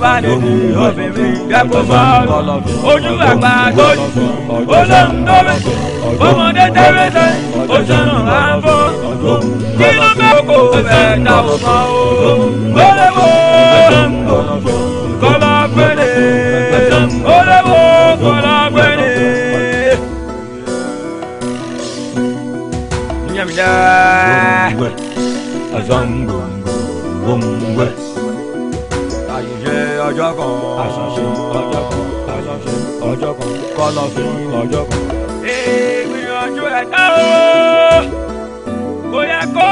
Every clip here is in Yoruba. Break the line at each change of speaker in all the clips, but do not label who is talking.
bá lè ní obìnrin dẹ́kun bọ́ọ̀lù ojú àgbà lójú olóhùn dọ́bẹ̀ ọmọdé dẹ́bẹ̀ sẹ́ òṣèlú àfọ́ kí ló bẹ́ kó bẹ́ẹ̀ dáwọ́ mọ́ o gbọ́dọ̀ kọ́lá gbẹ́dẹ̀ gbọ́dọ̀ kọ́lá gbẹ́dẹ̀. Nyamida. Azambo. kan àṣàṣe ọjọ́ kan àṣàṣe ọjọ́ kan kọ́lọ́fín ọjọ́ kan. èèyàn ọjọ́ ẹ̀dá o kò yẹ kó.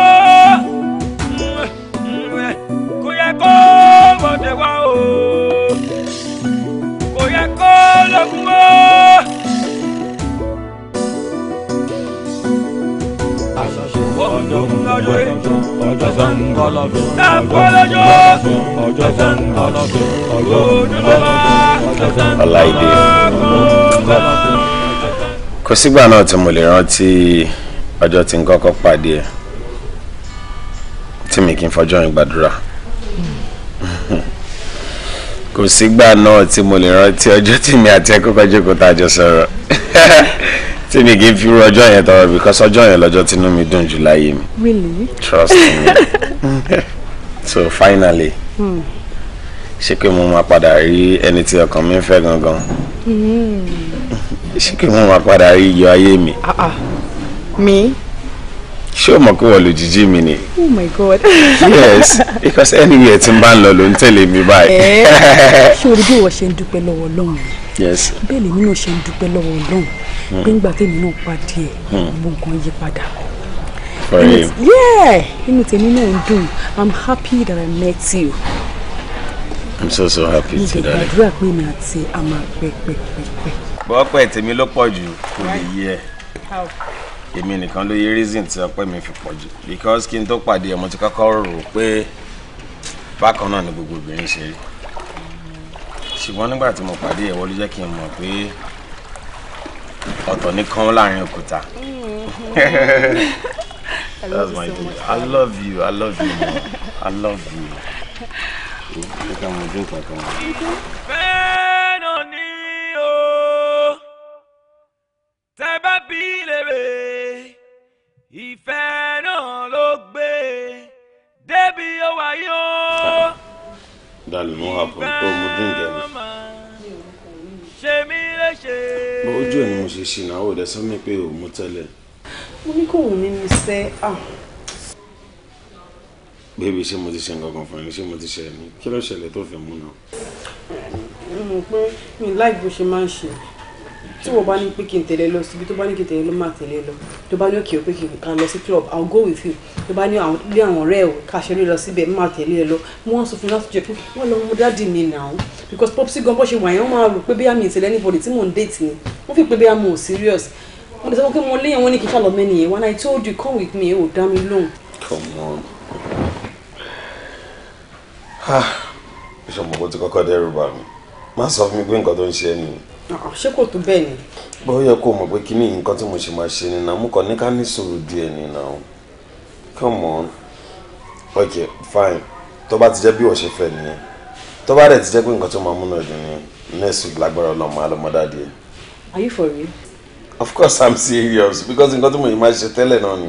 ọjọ́ sangolofo ẹ̀kọ́lẹ́jọ́ ọjọ́ sangolofo ojúlọ́lá ọjọ́ sangolofo.
kò sígbà náà tí mo lè rántí ọjọ́ tí n kọ́kọ́ pàdé ẹ̀ tí mi kì í fọjọ́ yín gbàdúrà kò sígbà náà tí mo lè rántí ọjọ́ tí mi àti ẹ kọ́kọ́ jókòó tá a jọ sọ̀rọ̀. tí mi kì í fi irú ọjọ́ yẹn tọrọ because ọjọ́ yẹn lọ́jọ́ tínú mi dùn jù láyé mi. really trust me so finally hmm. ṣé pé mo máa padà rí ẹni tí ọkàn mi ń fẹ́ gangan hmm. ṣé pé mo máa padà rí iyọ̀ ayé mi. Ah, ah. mi. ṣé o mọ̀ pé wọ́n lòjijì mi ni. oh my god. yes because anywhere tí n bá ń lọ ló ń tẹ̀lé mi báyìí. Eh. ṣé o rí bí ìwọ ṣe ń dúpẹ́ lọ́wọ́ Ọlọ́run. yes. bẹ́ẹ̀ lèmi náà ṣe ń dúpẹ́ lọ́wọ́ Ọlọ́run pé hmm. tèmi náà pàdé ẹ̀ hmm. gbogbo nǹkan yí padà. yeah inú tèmi náà ń dùn i'm happy that i met you. i'm so so happy today. mo gbàdúrà pé mi àti àmà pẹ́pẹ́pẹ́. bọ́pẹ́ tèmi ló pọ̀ jù kò lè yé ẹ èmi nìkan ló yẹ reason tí ọpẹ́ mi fi pọ̀ jù because kí n tó pàdé ẹ̀ mo ti kọ́kọ́ rò pé bákan náà ni gbogbo obìnrin ṣe rí ṣùgbọ́n nígbà tí mo pàdé ẹ̀ wọ́n jẹ́ kí n mọ̀ pé ọ̀tọ̀ nìkan láàrin òkúta.
Mm-hmm. That's my dear. I love
you. I love you. Man. I love you. Look at
my drink. Come bí lèrè, ìfẹ́ náà ló gbé, débi ó wáyé ó.
Dàlú mú àpò tó mú dín jẹ Ṣé mi bó ojú ẹ̀ ni mo ṣe ṣì náà ò pé ò mú tẹ́lẹ̀.
mo ní kò wù mí mi sẹ́ à.
bébí ṣé mo ti ṣe nǹkan kan fún ẹ ṣé mo ti ṣe ẹ kí ló ṣẹlẹ̀ tó fẹ́ mú náà. mo mọ̀ pé mi láì bó ṣe máa ń ṣe tí wọ́n bá ní pé kí n tẹ̀lé lọ síbi tó bá ní kí n tẹ̀lé lọ máa tẹ̀lé lọ tó bá ní òkè ó pé kí n kà lọ sí club i'll go with you tó bá ní ilé àwọn ọ̀rẹ́ ẹ̀ káṣẹ́rí lọ síbẹ̀ máa tẹ̀lé ẹ lọ mo wọ́n sọ fún láti jẹ pé wọ́n lọ mú dáàdì mi now because popsi gan bó ṣe wà yẹn wọ́n máa rò pé bí àmì ìtẹ̀lẹ́ anybody tí mò ń date ni wọ́n fi pé bí àmì ò serious wọ́n ti sọ pé mo léyìn wọn ní kí n kálọ̀ mẹ́ni yẹn you Ah, ṣé kò tó bẹ́ẹ̀ ni. bó yẹ kó mọ̀ pé kíní nǹkan tí mo ṣe máa ṣe nìyẹn mo kàn ní ká ní sùúrù díẹ̀ nìyẹn come on ok fine tó bá ti jẹ́ bí wọ́n ṣe fẹ́ nìyẹn tó bá dẹ̀ ti jẹ́ pé nǹkan tó máa múnú ẹ̀dùn nìyẹn next lágbára ọlọ́mọ alọ́mọdá are you for real. of course i'm serious because nǹkan tí mo yìí máa ṣe tẹ́lẹ̀ náà ni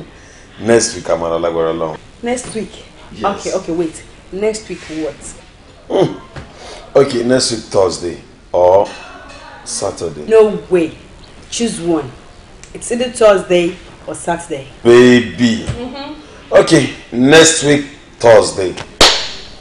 next week àmàlà lágbára ọlọ́run. next week yes. okay okay wait next week what. Mm. okay next week thursday or. Oh. Saturday. No way. Choose one. It's either Thursday or Saturday. Baby. Mm-hmm. Okay, next week, Thursday.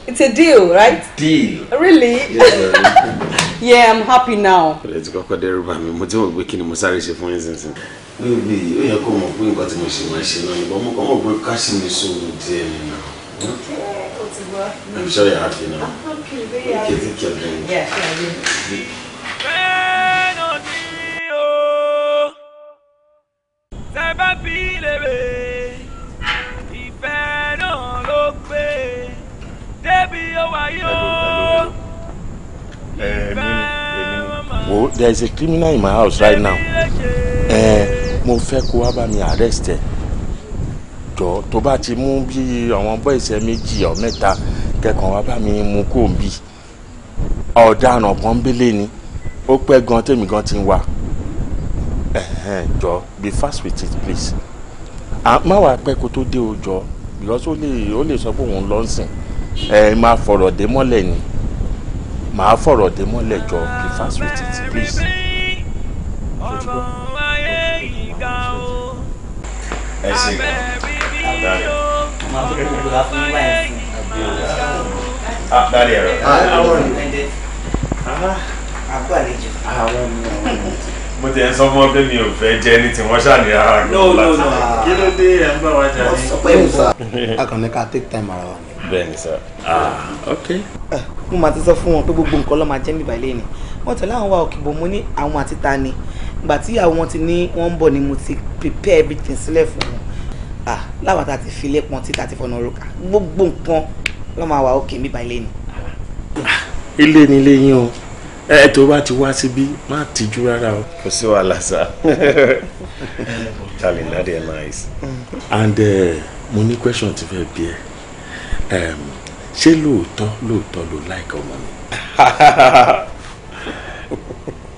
It's a deal, right? Deal. Really? Yeah, yeah I'm happy now. Let's go kọ́ dẹ́rù bá mi. Mo ti mọ̀ pé kí ni mo sáré ṣe fún ìsinsìn. Bébí, ó yẹ kó mọ̀ pé nǹkan tí mo ṣe but mo kàn mọ̀ pé káṣí mi sóòrò
Okay, I'm sure you're happy now. I'm happy, very happy. Okay, take care Yeah, yeah, yeah. rere ìfẹ́ náà ló gbé
débi ó wáyé wo there is a criminal in my house right now mo fẹ́ kó wá bá mi arrest ẹ̀ jọ tó bá ti mú bí àwọn bọ́ìsẹ̀ méjì ọ̀ mẹ́ta kẹ́kọ̀ọ́ wá bá mi mú kó n bí ọ̀daràn pọ́nbélé ni ó pẹ́ gan tèmi gan ti ń wà jọ be fast with it please má wàá pẹ́ kó tó dé òòjọ́ because ó lè sọ pé òun lọ sìn ẹ máa fọ̀rọ̀ dé mọ́lẹ̀ ni màá fọ̀rọ̀ dé mọ́lẹ̀ jọ be fast with it please. ẹ ṣe àdáyé. Ah, dáre ẹ̀rọ. Àwọn àlejò. Àwọn ọmọ mo ti ẹ sọ fún ọ pé mi ò fẹ́ jẹ ní tí wọ́n ṣàní ara rẹ. no no no ah. kí ló dé ẹ ń bá wa jà ní. wọ́n sọ sá akànnì ká take time ara wa ni. bẹ́ẹ̀ni sá ah ok. Eh, mo máa ti sọ fún wọn pé gbogbo nǹkan ló máa jẹ́ mi báyìí ni wọ́n tẹ̀lé àwọn wa òkè bò mo ní àwọn àti ta ni ìgbà tí ìyàwó wọn ti ní wọ́n ń bọ̀ ni mo ti prepare everything sílẹ̀ fún wọn ah láwọn ta ti filé pọn tí ta ti fọnà òrùka gbogbo nǹkan ló máa wà òkè mi báyìí ni. Ah, ilé ni ilé yín o ẹ tó bá ti wá síbí má tìjú rárá o. kò sí wàhálà sá tali nadi ẹ nice. and eh, mo ní question ti fẹ́ bí ẹ ṣé lóòótọ́ lóòótọ́ ló like ọmọ mi.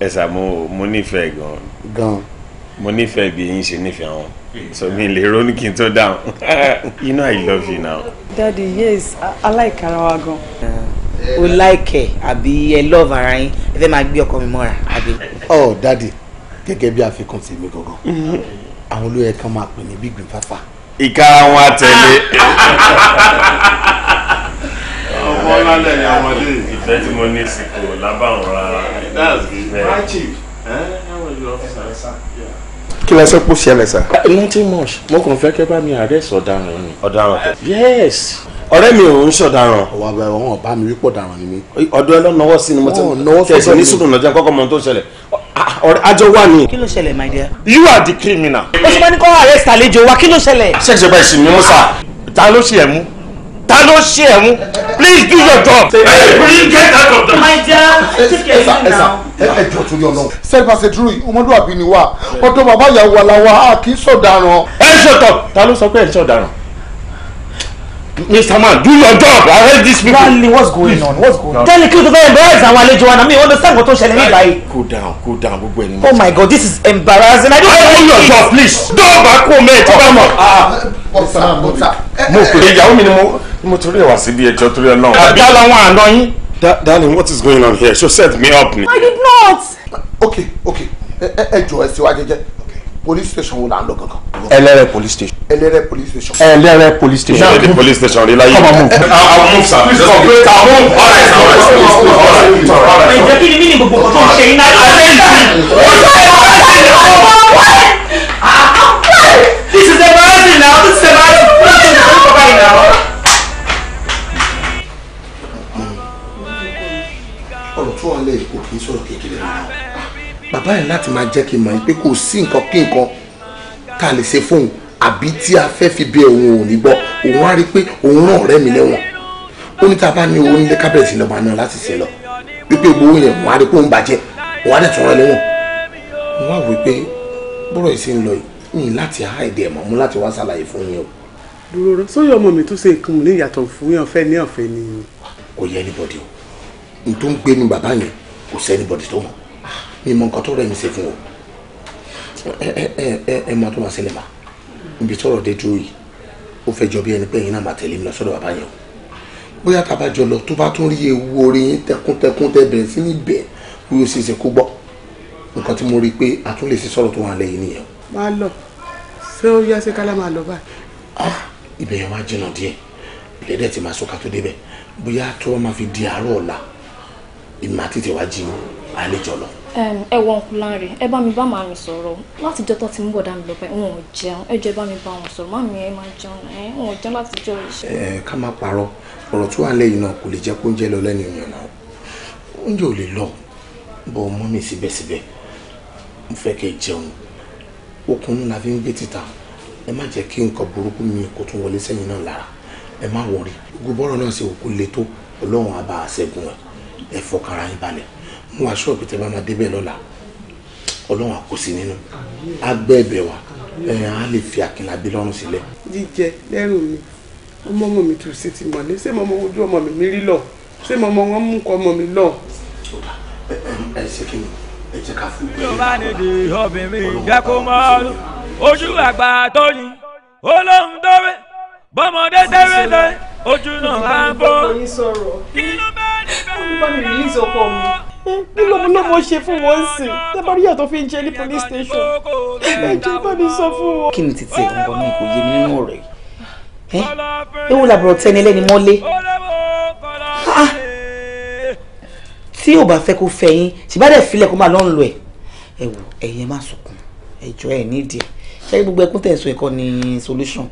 ẹ sà mo mo nífẹ̀ẹ́ gan-an. gan-an. mo nífẹ̀ẹ́ bí yín ṣe nífẹ̀ẹ́ àwọn so mi lè ronú kí n tó dáhùn you know i love you now. daddy yes i, I like ara gan. Uh, eh o like ẹ àbí ẹ love ara yín ẹ fẹ́ máa gbé ọkọ mi mọ́ra àbí. ọ oh, dadi gẹ́gẹ́ bí àfikún tèmi gangan àwọn olóyè kan máa pè ní gbígbìn fáfá. ìka wọn àtẹlé. ọmọ lálẹ́ ni àwọn ilé ìfẹ́ tí mo ní sí kò rárá. that's good. my chief kí lẹ sọ pé ó ṣẹlẹ̀ sá. nothing much mo kàn fẹ́ kẹ́ bá mi arrest ọ̀daràn ni. ọ̀daràn tẹ. yes ọ̀rẹ́ mi ò ń ṣọ̀daràn. ọ̀wà wọn bá mi wípọ̀ daràn ni mí. ọ̀dọ̀ ẹ lọ́nà ọwọ́ sí ni mo ti tẹ̀sí ní sùdùn lọ́jọ́ kọ́kọ́ mọ tó ṣẹlẹ̀ àjọ wà ní. kí ló ṣẹlẹ̀ my dear. you are the criminal. ó ṣe máa ní kọ́ arrest àlejò wa kí ló ṣẹlẹ̀. ṣèṣe bá ìsìn mi sá. ta ló ṣe ẹ̀ mú ta ló ṣe ẹ̀ mú please do your job. will you get out of there. my dear take care of you now ẹjọ tó yọ lọ. sẹ́ẹ̀fà ṣètúrú yìí ọmọdúnrún àbí ni wà ọ̀dọ̀ bàbá Mr. Man, do your job. I hate this people. Lally, what's going on? What's going on? Tell the kid to go embarrass àwọn àlejò wa na mi. Understand what o ṣẹlẹ̀ ní báyìí. Cool down, cool down. Gbogbo ẹni. Oh my God, this is embarrassing. I don't like it. Do your job, please. Dọ́ọ̀ bá kú omi ẹ̀ tí bá mọ̀. Bọ́sà, bọ́sà.
Mo pè é ìyàwó
mi ni mo ni eh, eh. mo torí ẹ̀ wá síbi ẹjọ́ torí ẹ̀ náà. Àbí aláwọn àná yín. Darling, what is going on here? So set me up ni. I did not. Okay, okay. Ẹ jọ ẹ ṣe wá jẹ́jẹ́ police station wo la ń lọ gangan. ẹlẹrẹ police station. ẹlẹrẹ police station. ẹlẹrẹ police station. ìyá ìdí police station rí láyé. kọ́mọ mú. àwọn
mú sa. please come please come move. ọ̀rẹ́ sàn ọ̀rẹ́ sàn ọ̀rẹ́ sàn ọ̀rẹ́ sàn. ǹjẹ́ kí ni mí ni gbogbo nǹkan tó ń ṣe iná yóò ṣe
é This is embarrassing now. This is embarrassing. What is this? What is this? ọ̀rọ̀ tó wà lẹ́yìn kò kì í sọ̀rọ̀ kékeré bàbá yẹn láti máa jẹ́ kí n mọ̀ pé kò sí nǹkan kí nǹkan tá a lè ṣe fóun àbí tí a fẹ́ fi bẹ òun ò ní gbọ́ òun á rí i pé òun rán ọ̀rẹ́ mi lẹ́wọ̀n ó ní tá a bá ní owó nílé kábẹ̀rẹ̀ sí lọ́mọ àná láti ṣe lọ wípé gbowó yẹn òun á rí i pé òun bàjẹ́ òun á dẹ̀ tún rán lẹ́wọ̀n òun á wò pé bọ́rọ̀ yìí ṣe ń lọ yìí ní láti há èdè ẹ̀mọ́ mú láti wá ṣàlàyé fún yín o. dúró rẹ sóyè ọmọ mi tún ṣe nǹkan mú ní ìyàtọ̀ fún yàn fẹ́ ní ọ̀fẹ́ ni. kò yẹ anybody o n tó ń gbé ní bàbá yẹn kò sẹ́ anybody tó mọ̀ mi mọ nǹkan tó rẹ̀ mi ṣe fún o ẹ ẹ ẹ ẹ máa tó máa ṣẹlẹ̀ mà ibi tọ́rọ̀ dé dúró yìí ó fẹ́ jọ bí ẹni pé yín náà máa tẹ̀lé mi lọ sọ́dọ̀ bàbá yẹn o bóyá tá a bá jọ lọ tó bá tún rí ewu orí yín tẹkuntẹkun tẹ bẹ̀rẹ̀ sí ní bẹ̀ bí o ṣe ṣe kó gbọ́ nǹkan tí mo rí i pé a tún lè ṣe sọ̀rọ̀ tó wà lẹ́yìn nìyẹn. máa lọ ṣé ó yá ṣe kálá máa lọ báyìí. Ah, ibẹ̀ yẹn wá jìnnà díẹ̀ ìlẹ́dẹ̀ ti máa sọ́ka tó débẹ̀ ẹ wọ ọkùnrin rẹ ẹ bá mi bá màmí
sọ̀rọ̀ láti jọ́ tó ti ń bọ̀dá mi lọ́pẹ́ wọn ò jẹun ẹ jọ ẹ bá mi bá wọn sọ̀rọ̀ màmí ẹ máa jẹun ẹ wọn ò jẹun láti jọ iṣẹ́. ẹ
ká má parọ́ ọ̀rọ̀ tó wà lẹ́yìn náà kò lè jẹ́ kó ń jẹ lọ lẹ́nu ìyàn náà oúnjẹ ò lè lọ bọ ọmọ mi síbẹ̀síbẹ̀ mo fẹ́ kẹ́ jẹun okun náà la fi ń gbé títa ẹ má jẹ́ kí nǹkan burúkú mi kó tún wọlé sẹ́yìn náà lára ẹ má wọrí gbogbo bọ́rọ̀ náà ṣe òkú mo wá ṣọ́ọ̀bù tẹ́ bá máa débẹ̀ lọ́la ọlọ́run àkóso nínú agbẹ́ẹ̀bẹ̀ wa ẹ̀yàn á lè fi àkìnlábí lọ́rùn sílẹ̀. jíjẹ lẹ́rù mi ọmọ ọmọ mi tù sí ti mọ̀ ní ṣé mo ojú ọmọ mi rí lọ ṣé mo wọn mú kọ ọmọ
mi lọ. ẹ ṣe kí ni ẹ jẹ ká fún mi. yóò bá ní di obìnrin jẹ́ mọ́ ọ́ ojú àgbà tó yin olóhùn tó wé bọ́mọdé tẹ́wé lọ ojú náà bá bọ́ kí ló bá ní bẹ́ẹ̀ kí
ló ló mo ṣe fún wọn sí tẹ bá rí yàtọ̀ fi ń jẹ ní police station ẹjẹ bá mi sọ fún wọn. kí ni títí ẹ̀ ń bọ̀ náà kò yé mi nínú ọ̀rọ̀ yìí ẹ wò làbúrò tẹni lẹ́ni mọ́lé tí ò bá fẹ́ kó fẹ́ yín ṣìbádẹ́ filẹ̀ kó máa lọ́n lọ ẹ̀ ẹ wò ẹ̀yin má sunkún ẹjọ́ ẹ̀ nídìí ṣé gbogbo ẹkún tẹ̀ ń sọ solution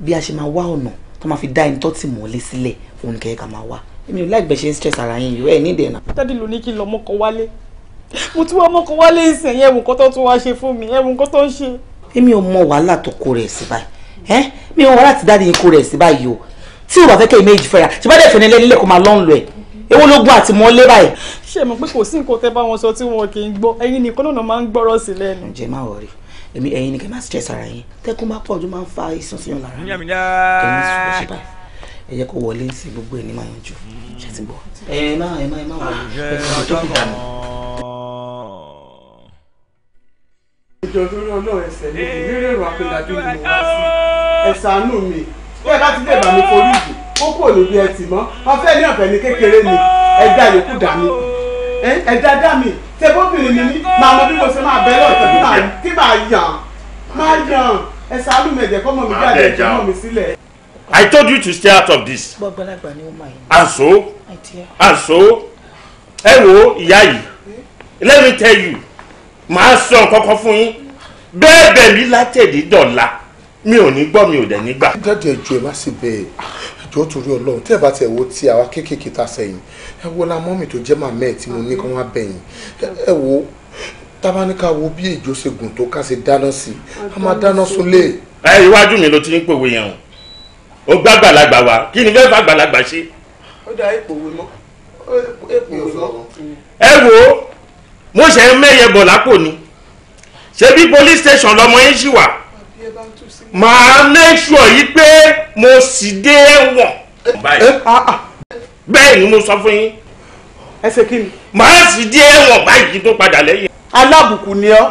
bí a ṣe máa wá ọ̀nà tó máa fi dá ẹni tó tì mọ́lé sílẹ̀ òun kẹ́kẹ́ ká máa wá èmi like láì gbẹ̀ṣẹ̀ stress ara yín yìí ẹ̀ ní ìdènà. dádì ló ní kí n lọ mọ́kàn wálé mo tún wá mọ́kàn wálé ìsìn ẹ̀yẹ́ ẹ̀wù nǹkan tó tún wá ṣe fún mi ẹ̀wù nǹkan tó ń ṣe. èmi ò mọ wàhálà tó kó rẹ̀ sí báyìí ẹ́ mi ò wọ́n láti dáadé kó rẹ̀ sí báyìí o tí o bá fẹ́ kẹ́ ìméjì fẹ́ra ṣe bá dẹ̀ fẹ́ nílé nílé kó máa lọ́n lọ ẹ̀
ewo ló gbọ́ àti mọ́ lé báyìí.
ṣé mo pé kò sí nǹkan tẹ́ bá wọn sọ tí wọn kì í gbọ́ ẹ̀yin nìkan náà máa ń gbọ́rọ̀ sí lẹ́nu. ǹjẹ́ máa wọ̀ rí èmi ẹ̀yin ni kẹ́ máa stress ara yín tẹ́kùn bá pọ̀ ju máa ń fa ìsúnsìn lára mi kẹ́mi sùn lọ́sibáyìí ẹ jẹ́ kó wọlé sí gbogbo ẹ̀ ní máa yanjú ṣe ti bọ̀ ẹ má ẹ má ẹ má wọlé ẹ má tó kù dànù. ìjọ lórí ọlọ́run ẹsẹ̀ mi kò ní rẹ̀rùn àpèlàdé ni mo wá sí ẹ ṣàánú mi bẹ́ẹ̀ bá ti lè bá mi forí ìdì ó kò lè bí ẹ tì mọ́ afẹ́ ní ọ̀fẹ́ ní kékeré ni ẹ dá yòókù dà mí ẹ dá dá mi tẹ́bọ́bìnrin ni mí màá mọ bí mo ṣe máa bẹ́ẹ̀ lọ́ọ̀tọ̀ tí màá yàn máa yàn ẹ ṣàánú mi ẹ̀jẹ̀ kọ́ mọ̀ mi jáde ẹ̀jẹ̀ mọ̀ mi sílẹ̀. I told you to stay out of this. And so? And so? Ẹ wo ìyá yìí. Let me tell you, màá sọ nǹkan kan fún yín. Bẹ́ẹ̀ bẹ̀ mí látẹ̀dí dọ̀la. Mi ò ní gbọ́ mi ò dẹ̀ ní gbà. Dáàdì ẹ̀jọ̀ ẹ̀ má sì bẹ́ẹ̀. Ẹ̀jọ̀ torí Ọlọ́run tẹ́ ẹ bá tiẹ̀ wo ti àwa kéékèèké ta sẹ́yìn. Ẹ wo la mọ́mì tó jẹ́ màmá ẹ̀ tí mo ní kán wá bẹ̀yìn. Ẹ wo tábánikà wo bí èjò ṣe gùn tó ká ṣe dáná sí A máa dáná sunlé. Ẹ iwájú mi ló ti ń pòwe yẹn o. O gbá gbàlagbà wá kí ni fẹ́ẹ́ fà gbàlagbà ṣe. ó dá ipò wé mọ́ ipò wé mọ́. ẹ wo mo ṣe ń mẹ́yẹ bọ̀ lápò ni ṣé police station lọmọ yín ṣì wà màá make sure yìí pé mo sì dé ẹ̀wọ̀n. Eh, ah, ah. bẹ́ẹ̀ ni mo sọ fún yín. ẹ ṣe kí ni. màá sì dé ẹ̀wọ̀n báyìí tó padà lẹ́yìn. alábùkù ni ọ́.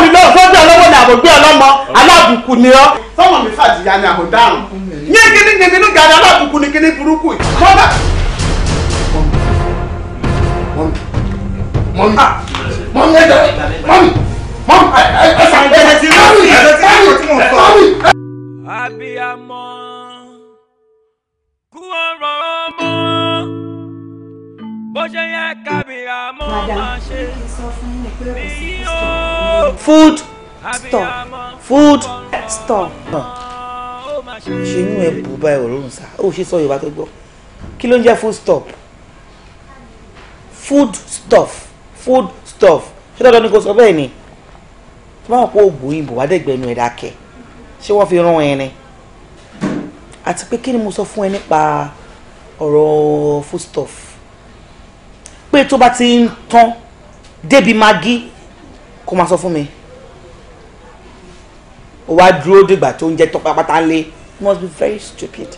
mi lọ sọ́dọ̀ ọlọ́wọ́ ni àbò gbé ọlọ́mọ alábùkù ni ọ́. sọ́mọ mi fàtìyà ni àbò dáhùn. yé kíní kíní ní gàdá alábùkù ni kíní burúkú yìí. mọ́mí mọ́mí ah. mọ́mí ẹ̀jẹ̀ mọ́mí mọ́mí ẹ̀sán ẹ̀jẹ̀ ti rí ẹ̀jẹ̀ ti rí ẹ̀jẹ̀ ti rí mọ́mí.
abiyamọ kú ọ̀rọ̀ ọmọ food store food store.
ṣe inú ẹ bù báyìí òórùn sá ó ṣe sọ yorùbá tó gbọ́ kí ló ń jẹ́ food stop food stuff food stuff ṣé dandan ni kò sọ bẹ́ẹ̀ ni tí wọ́n kó oògùn ìbò wá dẹ́gbẹ̀ẹ́nu ẹ̀dá kẹ̀ ṣé wọ́n fi rán ẹ ni àti pé kí ni mo sọ fún ẹ nípa ọ̀rọ̀ food stuff pé tó bá ti ń tán débi magi kó máa sọ fún mi ó wá dúró dìgbà tó ń jẹ tọpẹ apáta lé you must be very stupid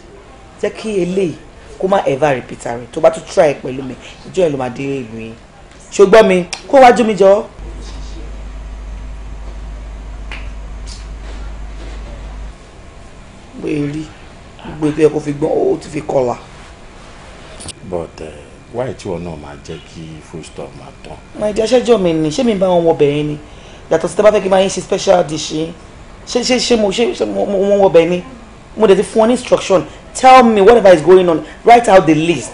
jẹ́ kí eléyìí kó má ever repeat rẹ̀ tó bá tún try pẹ̀lú mi ìjọ ẹ̀ ló máa dé ìlú yìí ṣùgbọ́n mi kó wájú mi jọ. gbé rí gbogbo ètò ẹ̀ kó fi gbọ́n ó ti fi kọlà. but uh, wáyé tí wọn náà máa jẹ́ kí full stop máa tán. mà á jẹ́ ṣẹ́jọ́ mi ni ṣé mi bá wọn wọbẹ̀ yẹn ni yàtọ̀ sí tẹ́ bá fẹ́ kí n máa yín ṣe special dish yín ṣé ṣé ṣé mo ṣe mo wọbẹ̀ ni mo dẹ̀ ti fún wọn ní instruction tell me whatever is going on write out the list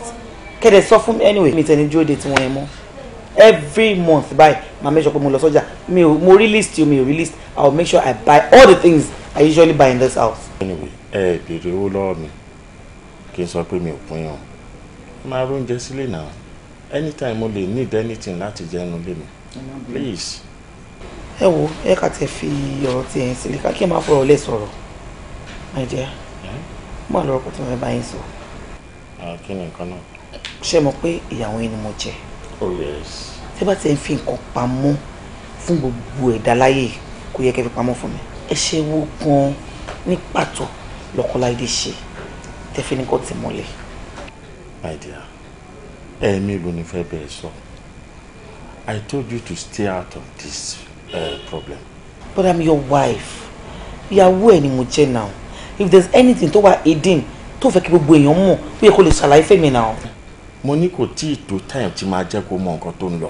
kẹ́dẹ̀ sọ fún mi anyway mi tẹ̀lé dúró de tiwọn yẹn mọ́ every month báyìí màá make sure pé mo lọ sọ́jà mi ò mo relist you mi ò relist i will make sure i buy all the things i usually buy in this house. anyway ẹ ẹ bèrè owó lọ́wọ́ mi kí n sọ pé mi ò pín yàn máa róúnjẹ sílé náà anytime mo lè need anything láti jẹnu lé mi please. ẹ wo ẹ kà tẹ fi ọ̀rọ̀ tí ẹ ń sílé ká kí ẹ máa fọ̀rọ̀ lẹ sọ̀rọ̀ ẹ jẹ má lọ ọkọ tí wọn fẹ́ bá yín sọ. kí ni nǹkan náà. ṣé mo pé ìyàwó yín ni mo jẹ. oh yes. tẹ bá ti ń fi nǹkan pamọ́ fún gbogbo ẹ̀dá láyè kò yẹ kẹ́ fi pamọ́ fún mi ẹ ṣe wo gan-an ní pàtó lọ́kọ́láyé ṣe tẹ́fẹ́ ní kò tì my dear ẹ̀ẹ̀mí ló ní sọ I told you to stay out of this uh, problem. But I'm your wife ìyàwó ẹ̀ ni mo jẹ́ now if there's anything tó wà aiding tó fẹ́ kí gbogbo èèyàn mọ̀ ó yẹ kó lè ṣàlàyé fẹ́mi now. mo ní kò tí ì tó time tí máa jẹ́ kó mọ nǹkan tó ń lọ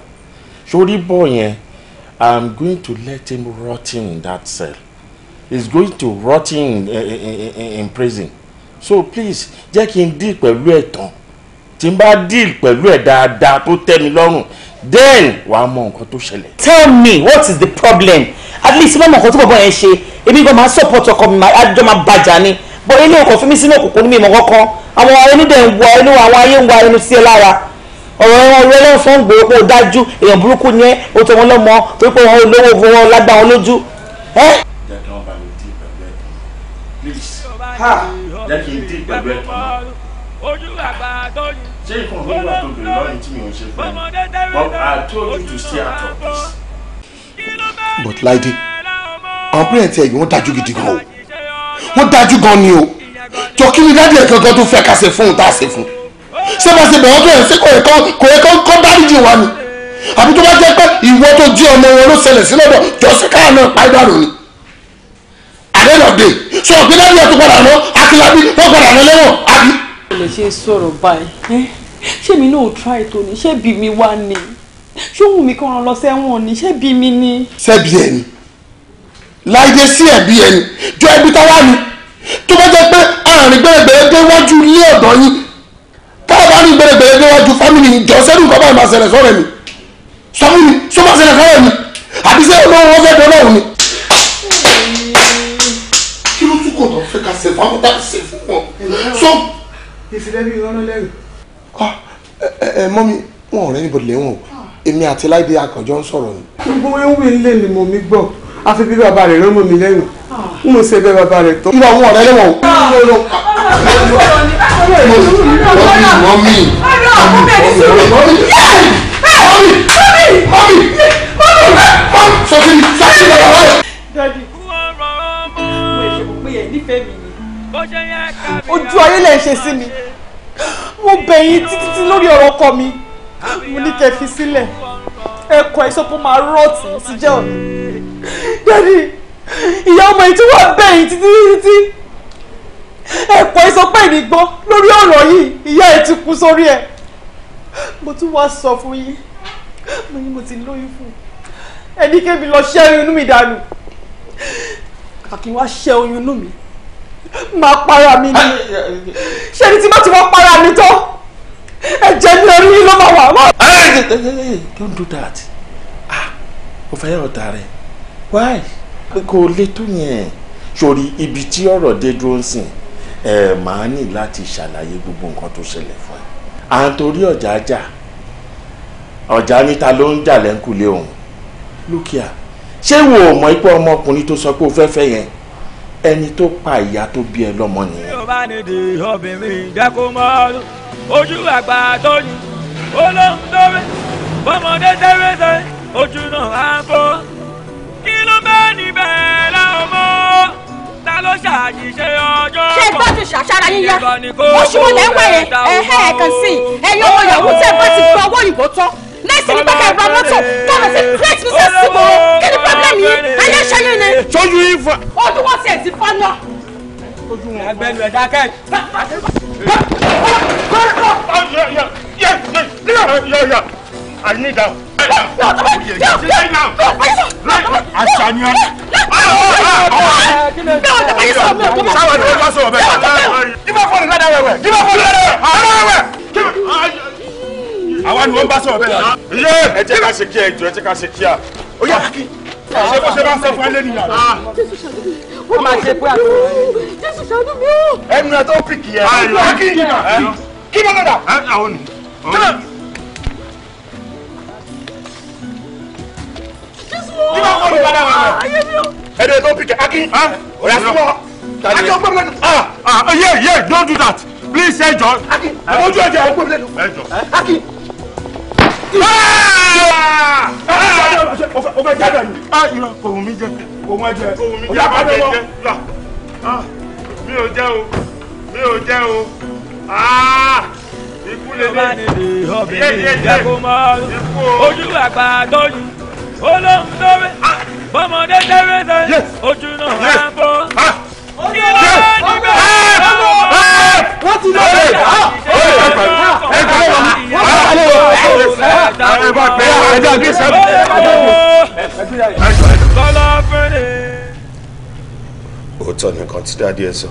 sórí bọ́ yẹn I'm going to let him rotten in that cell he's going to rotten in, in, eh, in, eh, eh, in prison so please jẹ́ kí n dí pẹ̀lú ẹ̀tàn tí n bá deal pẹ̀lú ẹ̀ dáadáa tó tẹ́ mi lọ́rùn then wàá mọ nǹkan tó ṣẹlẹ̀. tell me what is the problem at least mọ̀ nǹkan tí bọ̀bọ̀ yẹn ṣe èmi gan máa support ọkọ mi àjọ máa bàjá ni
bọ́ ilé ọkọ̀ fún mi sínú òkùnkùn ní mi ìmọ̀ kankan àwọn onídẹ̀ ń wọ inú àwọn ayé ń wọ inú sí ẹ lára ọ̀rọ̀ ẹran rẹ lọ́wọ́ fún gbòó pé ó dájú èèyàn burúkú ni ẹ́ ó tọ́ wọn lọ́mọ torí pé wọn ò
lówó fún wọn lágbá wọn lójú. jẹ́ kí n dín pẹ̀lú ẹ̀ ojú àgbà tó yin. ṣé ìkàn mi wà tó bèrè lọ́yìn tí mi ò ṣe fún ẹ but I told you to stay out of this. but Láìdé àwọn pírẹ̀ntì ẹ̀yìn wọ́n dájú gidi gan o wọ́n dájú gan ni o jọ kí ni dájú ẹ̀ gangan tó fẹ́ ká ṣe fún un tá a ṣe fún un ṣé bá ṣe bẹ̀rẹ̀ bẹ̀rẹ̀ ṣé kò yẹ kán kò yẹ kán kán dáríjì wa ni àbí tó bá jẹ́ pé ìwọ tó jí ọmọ wọn ló ṣẹlẹ̀ sí lọ́dọ̀ jọ̀ọ́síkà náà pa ìdánù ni àdéhùn ọ̀dẹ̀ sọ̀rọ̀ pé dájú ẹ̀ tó padà ná akílábí wọ́n padà ná lẹ́wọ̀n àbí o lè ṣe sọ̀rọ̀ báyìí ṣé mi náà try tó ni ṣé bí mi wá ni ṣé òun mi kàn lọ sẹ́wọ̀n ni ṣé bí mi ni. sẹ́bi ẹni láyé sí ẹ̀bí ẹni jọ ẹbí tá wà ní tó bá jẹ́ pé àárín gbẹ̀rẹ̀gbẹ̀rẹ̀ dé wájú ilé ọ̀dọ́ yín káàbá ní gbẹ̀rẹ̀gbẹ̀rẹ̀ dé wájú fámìlì yìí jọ sẹ́dùn kọ́ báyìí máa ṣẹlẹ̀ sọ́rọ̀ mi sọ́mú mi sọ́ máa ṣẹlẹ̀ sọ́rọ̀ mi àbí sẹ́yìn olówó wọn fẹ́ dọ́lọ́ òun ni. kí ló tún kò tó fẹ́ ká ṣe fún àwọn tá a ṣe fún wọn ìfìdẹ́bí ìrọ́nà lẹ́rù. ẹ ẹ mọ́mí wọn ò rẹ́ níbo lẹ́wọ̀n o ah. èmi àti láìdé akànjọ́ ń sọ̀rọ̀ ni. gbogbo ewu ilé ni mo mi gbọ́ àfi bí bàbá rẹ̀ rán mọ́ mi lẹ́yìn n ah. mo ṣe bẹ́ bàbá rẹ̀ tó. nígbà wọn ọ̀rẹ́ lẹ́wọ̀n
o. Ah. mọ́mí
ojú ayé lè ṣe sí mi mo bẹ̀ yín títí tí lórí ọ̀rọ̀ ọkọ mi mo ní kẹ́ fi sílẹ̀ ẹ̀kọ́ ìsopọ̀ máa rọ̀tì sí jẹ́ òní. dádì ìyá ọmọ yìí tí wọ́n bẹ̀ yín títí títí ẹ̀kọ́ ìsopọ̀ ìdìgbọ́ lórí ọ̀rọ̀ yìí ìyá ẹ̀ ti kú sórí ẹ̀ mo tún wá sọ fún yín mo ní mo ti lóyún fún ẹnikẹ́ni lọ ṣẹ́ oyún inú mi dànù kàkí wá ṣẹ́ oyún inú mi máa para mi ni ṣé ni tí bá ti wọ́n para mi tán ẹ̀jẹ̀ ní orí ló máa wà. don't do that ah o fẹ́ yọ̀rọ̀ ta rẹ̀ why kò lè tó yẹn sórí ibi tí ọ̀rọ̀ dé dúró ń sìn ẹ máa ní láti ṣàlàyé gbogbo nǹkan tó ṣẹlẹ̀ fún ẹ à ń torí ọ̀jà jà ọ̀jà níta ló ń jà lẹ́ńkulé òun lókìá ṣé wo ò ipò ọmọkùnrin tó sọ pé o fẹ́ fẹ́ yẹn ẹni tó pa ìyá tó bí ẹ lọ́mọ nìyẹn.
yóò bá ní di obìnrin ìjẹ́kù mọ́ ojú àgbà tó ní olóhùn tó rẹ̀ bọ́mọdé tẹ́rẹ́ tẹ́ ojú náà á fọ́. kí ló bá níbẹ̀ láwọn ta ló
ṣàṣìṣe ọjọ́ kan. ṣé gbọ́ ti ṣàṣàrà yín ya oṣù wo lẹ́wọ̀ yẹn ẹ̀hẹ́ ẹ̀kan sí i ẹ̀yin ọmọ tẹ́ bá ti fi
owó òyìnbó tán next week pàkẹ́ ìgbà Come and sí great business sí mo kí ni problem yìí ayé ṣayé ni. sọ́jú yín fa. ojú wọn tiẹ̀ ti fa náà. ojú wọn agbẹnu ẹ̀dá kẹ́. I need that. Aṣàníyàn. Sáwọn ni wọ́n bá sọ̀rọ̀ bẹ́ẹ̀. Give me a phone, ladder wẹ̀wẹ̀. Give me a phone, ladder wẹ̀wẹ̀. Ladder wẹ̀wẹ̀
àwa ni wọ́n bá sọ̀rọ̀ bẹ́ẹ̀ náà. iye ẹ jẹ́ ká ṣe kí ẹ jọ ẹ jẹ́ ká ṣe kí a. ó yà kí ṣe bó ṣe bá ń sọ fún ẹ lẹ́nu yàrá.
jésù ah. ṣàánú mi ó máa ṣe pé àtọ̀ jésù ṣàánú
mi ó. ẹnu ẹ tó ń pìkì yẹn. kí ni kí ni lọ́dà. àwọn ni.
jésù ó. kí ló ń kọ́ mi padà wà rẹ̀.
ẹnu ẹ tó ń pìkì akin. ọ̀rẹ́ àtúbọ̀. akin ó gbọ́ mi lẹ́nu. ah ah yeah yeah don't do that please ẹ jọ. akin ojú ẹ jẹ ẹ gbọ́ mi lẹ́nu. ẹ jọ. akin o fẹ́ jáde ni. a irọ́ kò wù mí jẹ. kò wọ́n jẹ kò wù mí jẹ kò jẹ jẹ lọ.
mi ò jẹ o mi ò jẹ o ikú lè dé yé yé yé ikú o. ojú àgbà dọ́yìn olóhùn lóore bọ́mọdé tẹ́rẹ́sẹ̀ ojú náà á bọ́. kí ló dé níbẹ̀ ti lọ sí.
òótọ́ nìkan tí dáadé ẹ sọ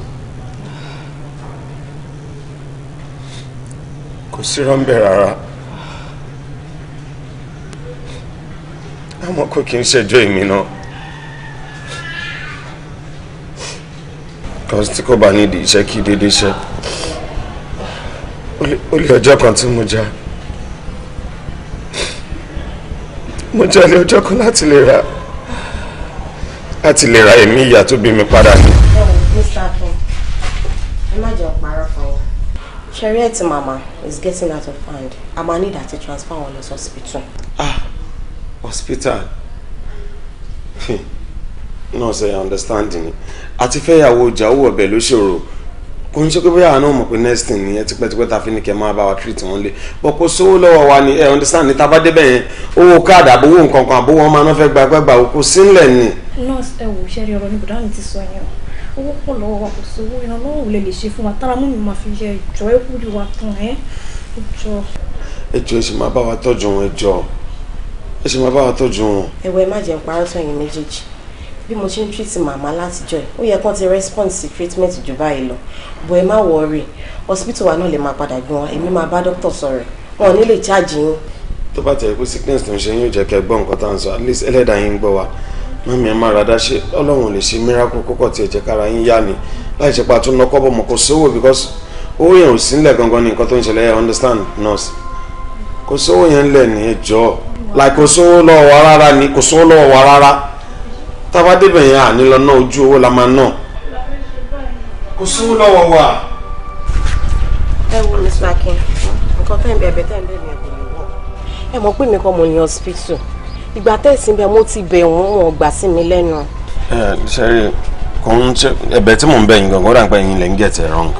kò sí rọ́ńbẹ́ rárá àmọ́ kò kí n ṣẹjọ́ èmi náà. kọ́sìtì kò bá nídìí iṣẹ́ kí déédéé ṣe ó lé ọjọ́ kan tí mo já mo já lé ọjọ́ kan láti lè ra láti lè ra ẹ̀mí ìyá tó bí mi padà ní. Mr. Akin ẹ má jẹ́ ọ̀pára fún mama is getting out of hand. I ma need her to transfer wọn lọ hospital. Ah, hospital. Hmm. Nọ́ọ̀sì ẹ̀ understanding. Àti fẹ́yàwó ìjà owó ọbẹ̀ ló ṣòro kò ń ṣe pé bóyá àwọn ọmọ pé next thing nìyẹn tipẹ́tipẹ́ ta fi ní kẹ́ máa bá wa treat wọn lé bọ́ kó sówó lọ́wọ́ wa ni ẹ understand ní tábà débẹ̀ yẹn owó káàdì àbówó nǹkan kan àbówó wọn máa ná fẹ́ gba gbàgbà òkú sílẹ̀ ni.
nurse ẹ wò ṣẹ́rí ọ̀rọ̀ ní bùdánù ti sọ yẹn o owó pọ̀ lọ́wọ́ wa kò sówó ìrànlọ́wọ́ ò lè lè ṣe fún wa tára mú mi máa fi yẹ ìjọ ẹ kú ìwà tán ẹ ìjọ.
ẹ jọ ẹ sì máa bá wa tọ́jú wọn ẹ jọ ẹ sì máa bá wa tọ́jú wọn. ẹ̀wẹ̀ má jẹ́ pàrọ̀ bí mo ṣe ń treat màmá látijọ́ ẹ̀ ó yẹ kán ti respond sí treatment jù báyìí lọ bọ̀ ẹ má worry hospital wa náà lè máa padà gbọ́n èmi máa bá doctor sọ̀rọ̀ wọn ò ní lè charge yín. tó bá tẹ̀ kó sickness tó ń ṣe yín ò jẹ́ kẹ́ gbọ́ nǹkan tá à ń sọ at least ẹlẹ́dàá yín gbọ́ wa mọ́mí ẹ má rada ṣe ọlọ́run lè ṣe miracle kókò tí ẹ jẹ́ kára yín yá ni láì ṣe pa àtúnná kọ́bọ̀ mọ́ kò sówó because owó yẹn ò sílẹ̀ gangan ní nǹkan tó ń ṣẹlẹ̀ ẹ understand nurse kò sówó yẹn lẹ̀ ní ẹjọ́ láì kò sówó lọ́wọ́ rárá ni kò sówó lọ́wọ́ rárá tába débẹ̀ yẹn àní lọ ná ojú owó la máa ná kò sówó lọ́wọ́ wa. ẹ wo Mr. Akin nǹkan tẹ́ ń bẹ̀bẹ̀ tẹ́ ń bẹ̀bẹ̀ kò lè wọ̀ ẹ mọ̀ pé mi kọ́ mo ní hospital ìgbà tẹ̀sí bẹ́ẹ̀ mo ti bẹ̀ wọ́n wọn gbà sí mi lẹ́nu. ẹ ṣẹ́rí kò ń ṣe ẹ̀bẹ̀ tí mò ń bẹ̀ yín gangan rà ń pẹ́ yín lẹ́ ń get it wrong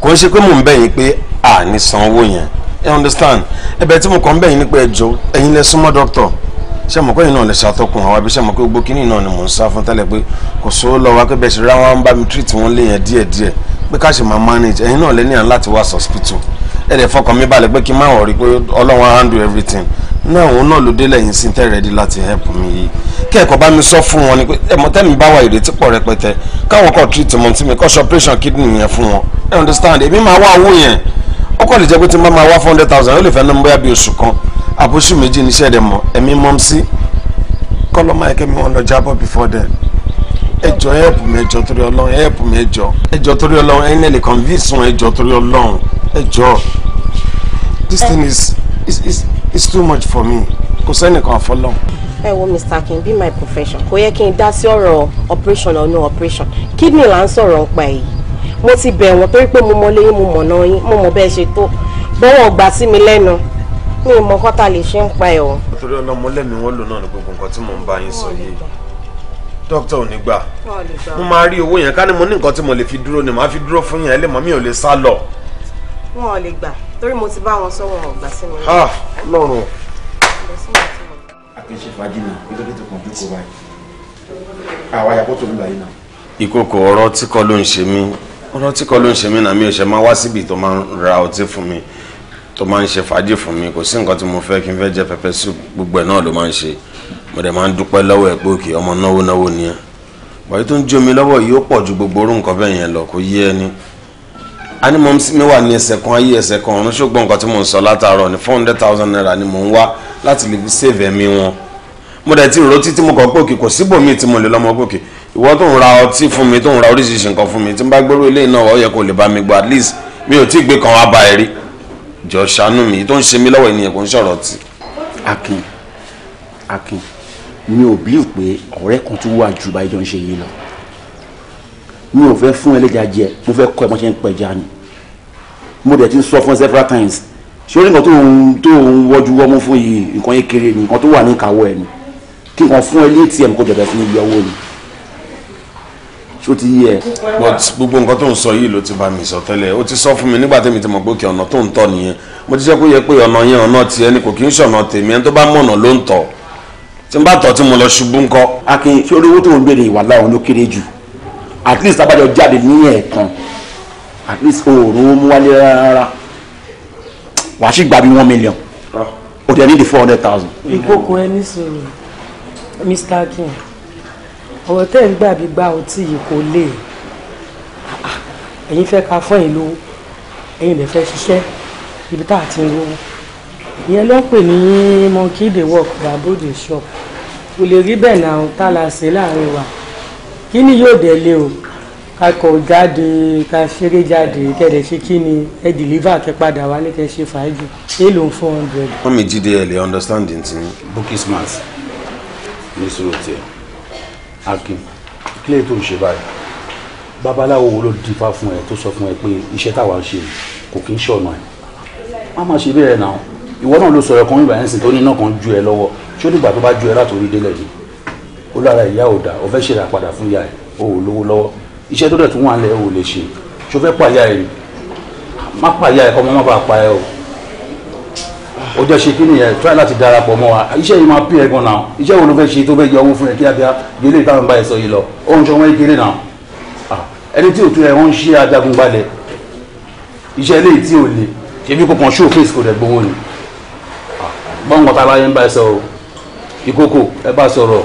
kò ń ṣe pé mò ń bẹ̀ yín pé à ní sanwó yẹn ẹ understand ẹ̀bẹ̀ tí mo kàn ń bẹ̀ yín ni pé ẹjọ́ ẹ̀yin lẹ súnmọ́ doctor ṣé mọ̀ kọ́yìn náà lè ṣàtọkùn àwọn abẹ́ṣẹ́ mọ̀ pé gbogbo kínní náà ni mò ń sá fún tẹ́lẹ̀ pé kò sówó lọ́wọ́ pé bẹ́ẹ̀ ṣe rá wọn bá mi treat wọn léèyàn díẹ̀díẹ̀ pé ká ṣe máa manage ẹ̀yin náà lẹ́ni àná láti wá hospital ẹ̀ dẹ̀ fọkàn mi balẹ̀ pé kí n má wọ̀rí pé ọlọ́run handle everything náà òun náà ló dé lẹ́yìn sí tẹ́ ready láti help mi yìí kí ẹ̀kọ́ bá mi sọ fún wọn ni pé ẹ̀mọ tẹ́mi bá wà ìrètí pọ̀ rẹpẹtẹ káwọn kọ̀ treat mọ̀ tí mi kọ́ ṣe operation kidney yẹn fún wọn ẹ̀ understand èmi máa wá owó yẹn ó kọ́ lè jẹ́ pé tí n bá máa wá four hundred thousand ó lè fẹ́ ná mọ́ bí oṣù kan àbóṣù méjì níṣẹ́ rẹ̀ mọ̀ ẹ̀mí mọ́m sí kọ́lọ́mọ wọn lọ jábọ̀ before then ẹjọ́ ẹ̀ẹ́pù mi ẹjọ́ torí ọlọ́run ẹ̀ẹ́pù mi ẹjọ́ ẹjọ́ torí ọlọ́run ẹ̀yin náà lè convince wọn ẹjọ́ torí ọlọ́run ẹjọ́ this thing is is is too much for me kò sẹ́nìkan àfọlọ́run. ẹ wo Mr. King be my profession kò yẹ kí n dá sí ọ̀rọ̀ operation or no operation kidney là ń sọ̀rọ̀ ń pa èyí mo ti bẹ̀ wọ́n torí pé mo mọ lẹ́yìn mo mọ̀ náà yín mo mọ̀ bẹ́ẹ̀ ṣe tó bọ́wọ́ gbà sí mi lẹ́nu mi ì mọ nǹkan tá a lè ṣe ń pa ẹ̀ o. nítorí ọlọ́mọ lẹ́mìí wọn lò náà ní gbogbo nǹkan tí mò ń bá yín sọ yìí dókítà ò ní gbà mo máa rí owó yẹn ká ní mo ní nǹkan tí mo lè fi dúró ni màá fi dúró fún yẹn ẹ lè mi ò lè sá lọ. wọn ò lè gbà torí mo ti bá wọn sọ wọn ò gbà sí mi. ah lọrùn. akéṣe fàájì ni nítorí tó kàn jókòó báyìí àwa yàgò tó ń gbà yìí náà. ìkòkò ọ̀rọ̀ tí ló ń ṣe mí ọ̀rọ̀ tí ló ń ṣe mí náà mi máa wá síbi tó máa ń ra ọtí fún mi tó máa ń ṣe fàájì fún mi kò sí nǹkan tí mo fẹ́ kí n fẹ́ jẹ pẹpẹ soup gbogbo ẹ̀ náà ló máa ń ṣe mo dẹ̀ máa ń dúpẹ́ lọ́wọ́ ẹ̀ pé òkè ọmọ náwó náwó ni ẹ́ bàbá tó ń jó mi lọ́wọ́ yìí ó pọ̀ ju gbogbo orú nǹkan bẹ́ẹ̀ yẹn lọ kò yé ẹni ánimọ̀ mi wà ní ẹsẹ̀ kan ayé ẹsẹ̀ kan ọ̀run ṣùgbọ́n nǹkan tí mò ń sọ látàárọ̀ ní four hundred thousand naira ni mò ń wá láti lè save ẹ̀mí wọn mo dẹ̀ ti rò títí mo kàn gòkè kò síbòmíì mi tó ń ra oríṣiríṣi nǹkan fún mi tí n bá gbérú eléyìí náà ó yẹ kó at least mi ò tí ì jọ ṣàánú mi tó ń ṣe mí lọ́wọ́ ènìyàn kò ń sọ̀rọ̀ tì. akin akin mi ò bí pé ọ̀rẹ́ kan tún wà ju báyìí jọ ń ṣe yìí lọ mi ò fẹ́ fún ẹlẹ́jà jẹ mo fẹ́ kọ́ ẹ mọ́ ṣe ń pẹja ni mo dẹ̀ ti sọ fún several times ṣé orí nǹkan tó ń tó ń wọ́jú wọ́mú fún yìí nǹkan yẹn kéré ni nǹkan tó wà ní ìkàwọ́ ẹ̀ ni kí nǹkan fún ẹ létí ẹ̀ kó jọ̀dọ̀ fún iye ni ṣó ti yẹ. but gbogbo nǹkan tó ń sọ yìí ló ti bá mi sọ tẹ́lẹ̀ ó ti sọ fún mi nígbà tẹ́mi ti mọ̀ pé kí ọ̀nà tó ń tọ̀ nìyẹn mo ti jẹ́ kó yẹ pé ọ̀nà yẹn ọ̀nà tiẹ̀ ni kò kí ń ṣọ̀nà tèmi ẹni tó bá mọ̀nà ló ń tọ̀ tí n bá tọ̀ tí mo lọ ṣubú ńkọ́. akin ṣé orí owó tó ń gbèrè ìwà láwọn ló kéré jù at least abájọ jáde ní ẹ̀ẹ̀kan at least oòrùn ó mú wálé rárá wàá sì gbà bí one million ó ah. dẹ̀ ní the four hundred thousand. ìkókò ẹni sọ̀rọ̀ Mr. Akin ọ̀rọ̀ tẹ́ ń gbàbí gba ọtí yìí kò lè ẹ̀yin fẹ́ ka fún ìlú ẹ̀yin lè fẹ́ ṣiṣẹ́ ibi tá a ti ń rówó ìyẹn ló ń pè ní monkey dey work babode shop kò lè rí bẹ́ẹ̀ náà tá la ṣe láàrin wa kí ni yóò dẹ̀ lé o ká kọ̀ jáde ká ṣeré jáde kẹ̀dẹ̀ ṣe kí ni ẹ deliver kẹ padà wálé kẹ ṣe fàájì ṣé ló ń four hundred. wọ́n mi jíde ẹ̀ lè understanding ti ní. bookismas ní sùúrù tiẹ̀. Akim, kí lè tó ń ṣe báyìí babaláwo wo ló dífá fún ẹ tó sọ fún ẹ pé iṣẹ́ táwa ń ṣe kò kí ń ṣọ̀nà ẹ má má ṣe bẹ́ẹ̀ náà ìwọ náà ló sọ ẹ̀kan ìgbà yẹn sìn tó ní iná kan ju ẹ lọ́wọ́ ṣé ó dìgbà tó bá ju ẹ látòrí délẹ̀ yìí ó lára ìyá ò dà ó fẹ́ ṣe ìràpadà fún ìyá ẹ ó ò lówó lọ́wọ́ iṣẹ́ tó dẹ̀ tún wà ń lẹ̀ ó lè ṣe ṣó fẹ́ pàyà ẹ má pàyà ẹ kọ́ mọ́ má bàa pa ẹ o ó jẹ́ ṣe kí nìyẹn try láti darapọ̀ mọ́ wa iṣẹ́ yìí máa pín ẹ̀gbọ́n náà iṣẹ́ wo ló fẹ́ ṣe tó fẹ́ yọ owó fún ẹ kíákíá gbélé táwọn bá ẹ sọ yìí lọ ó ń ṣọwọ́n náà ah, ẹni tí ò ẹ wọ́n ń ṣe ajagunbalẹ̀ iṣẹ́ eléyìí tí ò le ṣebí kò kàn showcase kò dẹ̀ gbowó ni ah, báwọn ọ̀tá aláyé ń bá ẹ sọ o ìkókò ẹ bá sọ̀rọ̀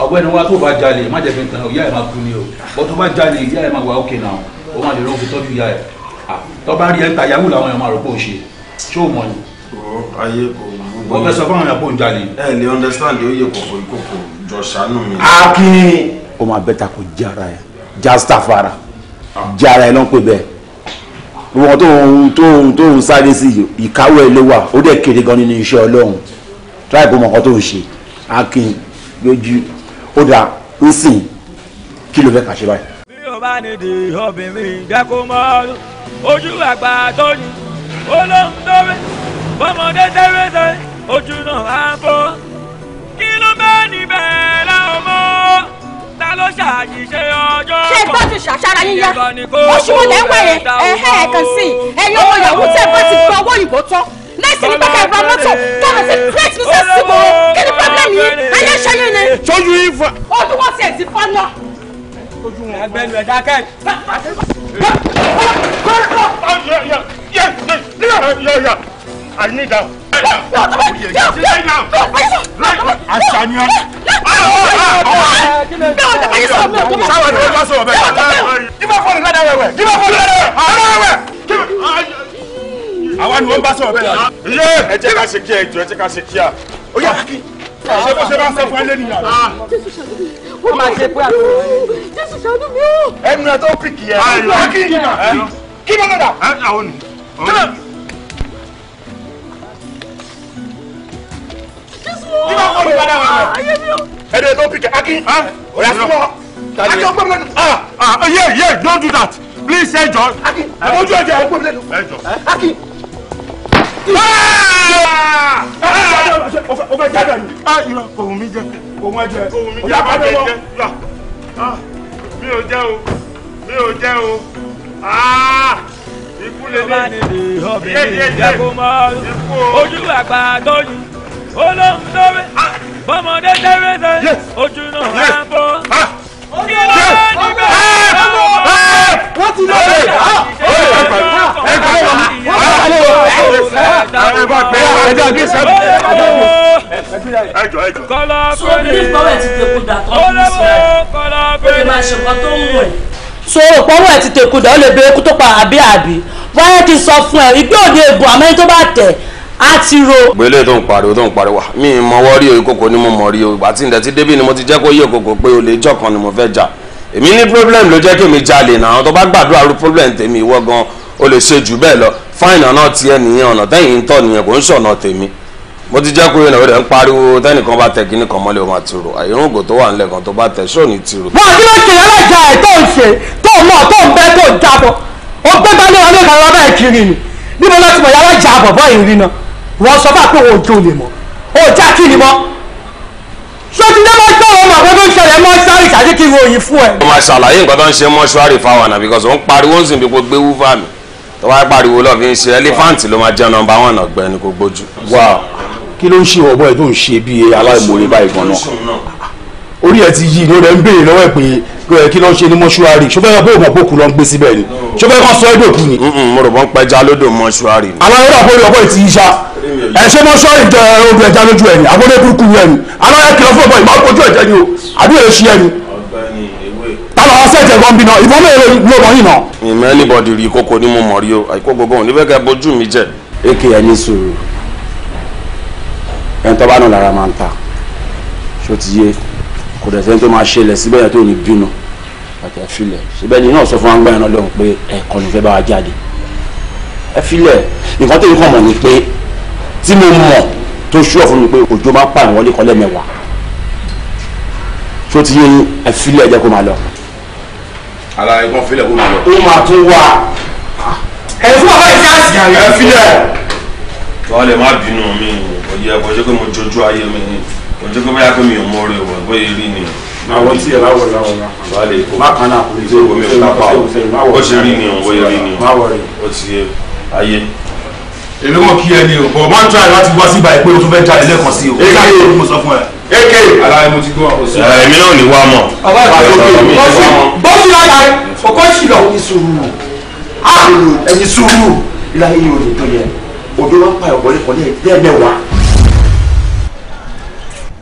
ọ̀gbẹ́ni wa tó bá jalè má jẹ̀bi nǹkan ìyá ẹ̀ máa kú ni o bọ́ tó bá jalè ìyá ẹ̀ máa wà ayé kò gbogbo. wọ́n fẹ́ sọ fún àwọn ìyàpò ìjà ni. ẹ lè understand ó yẹ kòkò ìkòkò jọ ṣàánú mi. akínní. ó máa bẹ́ta kó jára ẹ jastafara jára ẹ ló ń pè wọn tó ń tó ń tó ń sáré sí ìkáwọ́ ẹ ló wà ó dẹ̀ kéré gan nínú iṣẹ́ ọlọ́run tíráì kó mọ nǹkan tó ń ṣe akin lójú ó dà ń sìn kí ló fẹ́ kà ṣe báyìí. bí o bá ní di
obìnrin jẹ́ mọ́ ojú àgbà tó ní olóhùn tó bẹ́ẹ̀ bọ́mọdé tẹ́wéṣẹ́ ojú náà á bọ́ kí ló bẹ́ẹ̀ níbẹ̀ láwọn mọ́ ta ló ṣàṣìṣe ọjọ́ kan. ṣé ẹ gbọ́dọ̀ ṣàṣàrà yín yá oṣù wo lẹ́ ń wáyé ẹ̀hẹ́ ẹ̀kan sí ẹ̀yin ọmọ yahoo tẹ́ bá ti fi owó òyìnbó tán lẹ́sìn ní pẹ́kẹ́ ìbúra mọ́tò tọ́lọ̀ sí great mrs simoro kí ni problem yìí ayé ṣẹyìn ni. sọ́jú yín fa. ojú wọn ti ẹ̀sìn fọ́nà. ojú wọn agbẹnu ẹ̀dá kẹ́ẹ̀. kọ́ńtà kọ́ńtà. I need down. Àṣàyàn. Sáwọn ni wọ́n bá sọ̀rọ̀ bẹ́ẹ̀. Gíbá fọ́ọ̀nù ládà wẹ̀wẹ̀. Gíbá fọ́ọ̀nù ládà wẹ̀wẹ̀. Àwa ni wọ́n bá sọ̀rọ̀ bẹ́ẹ̀. Iye ẹ jẹ́ ká
ṣe kí ẹ jọ ẹ jẹ́ ká ṣe kí a. Ó yà kí. Ṣé bó ṣe bá ń sọ fún ẹ lẹ́nu yàrá? Jésù ṣàánú mi. Ó máa ṣe pé àlọ́ rẹ̀. Jésù ṣàánú mi. Ẹnu ẹ tó pìkì yẹn.
Kí ni ọ̀nà dà? Àwọn ni. ẹ̀rẹ̀ ló pìkẹ́ akin ọ̀rẹ́ àfọwọ́ akin ọgbọ́n mi lẹ́nu. yé yé don't do that please Don't do ẹ jọ. akin ojú ẹ̀jẹ̀ ọgbọ́n mi lẹ́nu. ẹ jọ akin.
o fẹ́ jáde àná. a yọ òun mi jẹ. òun ẹ jẹ òun mi jẹ. yàrá mi jẹ
yà. Ah, mi ò jẹ o mi ò jẹ o ah! ikú lè ní ìdè ọbẹ̀ yẹ yẹ yẹ ikú ojú àgbà tó yin olóhùn tó bẹ. Ah! bọ́mọdé tẹ́rẹ́sẹ̀ ojú náà á bọ́. kí ló dé níbẹ̀? wọ́n ti lọ bẹ̀. ẹ gbà wọ́n wọ́n wà lé o. ẹ bá pẹ́ ẹ jẹ́ àgbẹ̀ sẹ́mi. ẹjọ ẹjọ. kọlá pẹ̀lú ìfọwọ́ ẹ̀ ti tẹ̀kù dàtọ́ ní israẹl. ó lè máa ṣe tó ń wọ̀ ẹ́. so òpọ́wọ́ ti tẹ̀kù dà ó lè bẹ ikú tó pa àbí àbí wáyé ti sọ fún ẹ ìgbé òde ègbò àmọ́ ẹni tó bá tẹ̀
a ti ro. gbélé tó ń pariwo tó ń pariwo wa ah, mi mọ wọ́rí o ìkòkò ni mo mọ̀ rí o àti ìdẹ̀tí débì ni mo ti jẹ́ kó yí òkòkò pé olè jọ kan ni mo fẹ́ jà èmi ní problem ló jẹ́ kí èmi jalè náà tó bá gbàdúrà ru problem tèmi ìwọ gan o lè ṣe jù bẹ́ẹ̀ lọ fáìnì ọ̀nà tiẹ̀ nìyẹn ọ̀nà tẹ́yìn ń tọ̀ nìyẹn kò ń ṣọ̀nà tèmi mo ti jẹ́ kúrò náà rẹ̀ ń pariwo tẹ́nìkan bá tẹ̀ kíní kan mọ́lẹ̀ o máa tiro àyẹ̀wò ògò tó wà nílẹ̀ kan tó bá tẹ̀ ṣó ní tiro.
wọn àti ló kìlẹ̀ alájà ẹ̀ tó ń ṣe tó mọ̀ tó ń bẹ́ tó ń jábọ̀ ó gbé bá ní ọlọ́ọ̀kan lọ́bẹ̀ kiri ni níbo lọ́ọ́ yàrá ìjà àbọ̀bọ̀ ìrìnà wọ́n sọ fún àpéwọ̀n òjò lè mọ̀ òjá kí ni mọ́ sọtidé máa tọ́ ọmọ àwọn tó ń ṣẹlẹ̀ mọ́ṣúárì tàbí kí ròyìn fún ẹ.
mo máa ṣàlàyé nǹkan tó ń ṣe mọ́ṣúárì fáwọn àná bíkọ́sì ó pariwo ń sìn bí kò gbé wúfà mi tó bá pariwo lọ́ọ̀ fi ń ṣe ẹlífáǹtì ló máa jẹ́ nọ́mbà wọn náà gbẹ́ni kò gbójú. wà kí ló ń ṣe ọ̀bọ ẹ̀ tó ń ṣe bí aláìmoore báyìí gan náà orí ẹ ti yí ni ó rẹ ń béèrè lọ́wọ́ ẹ̀ pé kí ló ń ṣe ní mọ́ṣúárì ṣọfẹ́ yẹn bó mọ̀ lọ ń gbé síbẹ̀ ni ṣọfẹ́ kan sọ ẹ́ dòkú ni. mo rò wọ́n pẹja lódò mọ́ṣúárì. aláwọ̀ ọ̀pọ̀ ìrọ̀pọ̀ ìtìyíṣà ẹ ṣe mọ sọrí jẹ obìnrin ẹja lójú ẹni àbọ̀dé burúkú yẹn ni aláya kìlọ̀ fún ọ̀bọ̀ ìmọ̀ àkójú ẹ̀jẹ̀ ni o àbí èrè
ṣi ẹni. tálọ̀ ọ̀sẹ̀ ẹ̀jẹ̀ gan bi náà ìbọn mẹ́rin ló mọ̀ yìí náà.
ìmọ̀ anybody rí kókó ní mo mọ̀ rí o àìkó gbogbo òun níbẹ̀ kẹ́ bójú mi jẹ́. èkè ẹ ní ẹni tó bá nù lára máa ń ta ṣó ti yé kò dẹ̀ sẹ́ni tó ni náà sọ fún wa ni fẹ́ bá wa jáde nǹkan tó yẹ kọ́ mọ̀ ni pé tí mo mọ̀ tó ṣúọ̀ fún mi pé òjò máa ń pààyàn wọlé kọ́lẹ́ mẹ́wàá tó ti yé yín ẹ̀fílẹ̀ ẹ̀jẹ̀ kó máa lọ. ara ẹ̀gbọ́n fílẹ̀ kó máa lọ. ó máa tún wá
ẹ̀fún bàbá ìṣe àṣìyàn rẹ̀ ẹ̀fílẹ̀.
wọ́n lè má bínú mi ò yẹ kó jẹ́ pé mo jojú ayé mi kò jẹ́ pé bóyá pé mi ò mọ orí wọ̀ bóyá eré ni. àwọn tí yàrá wọ̀ láwọn náà. wàhálà èkó má kan náà kò ní í ṣe é wọ́n mi ò lápá o ó ṣe rí ni òun bóyá rí ni o ó ti ayé èmi mọ̀ kí ẹ ní o bọ̀ máa ń láti wá síbà pé o tún fẹ́ jáde lẹ́ẹ̀kan sí o ká ló ń sọ fún ẹ. eke alaye mo ti gbọ́ àkóso. èmi náà ní wá mọ̀. bàbá mi ò tó bọ́sù láyà ọkọ ìṣìlọ ní sùúrù ah! ẹni sùúrù láyé yóò lè tó yẹ òdo ló ń pa ọ̀gbọ́n lẹ́kọ̀ọ́ lẹ́ẹ̀mẹ́wàá.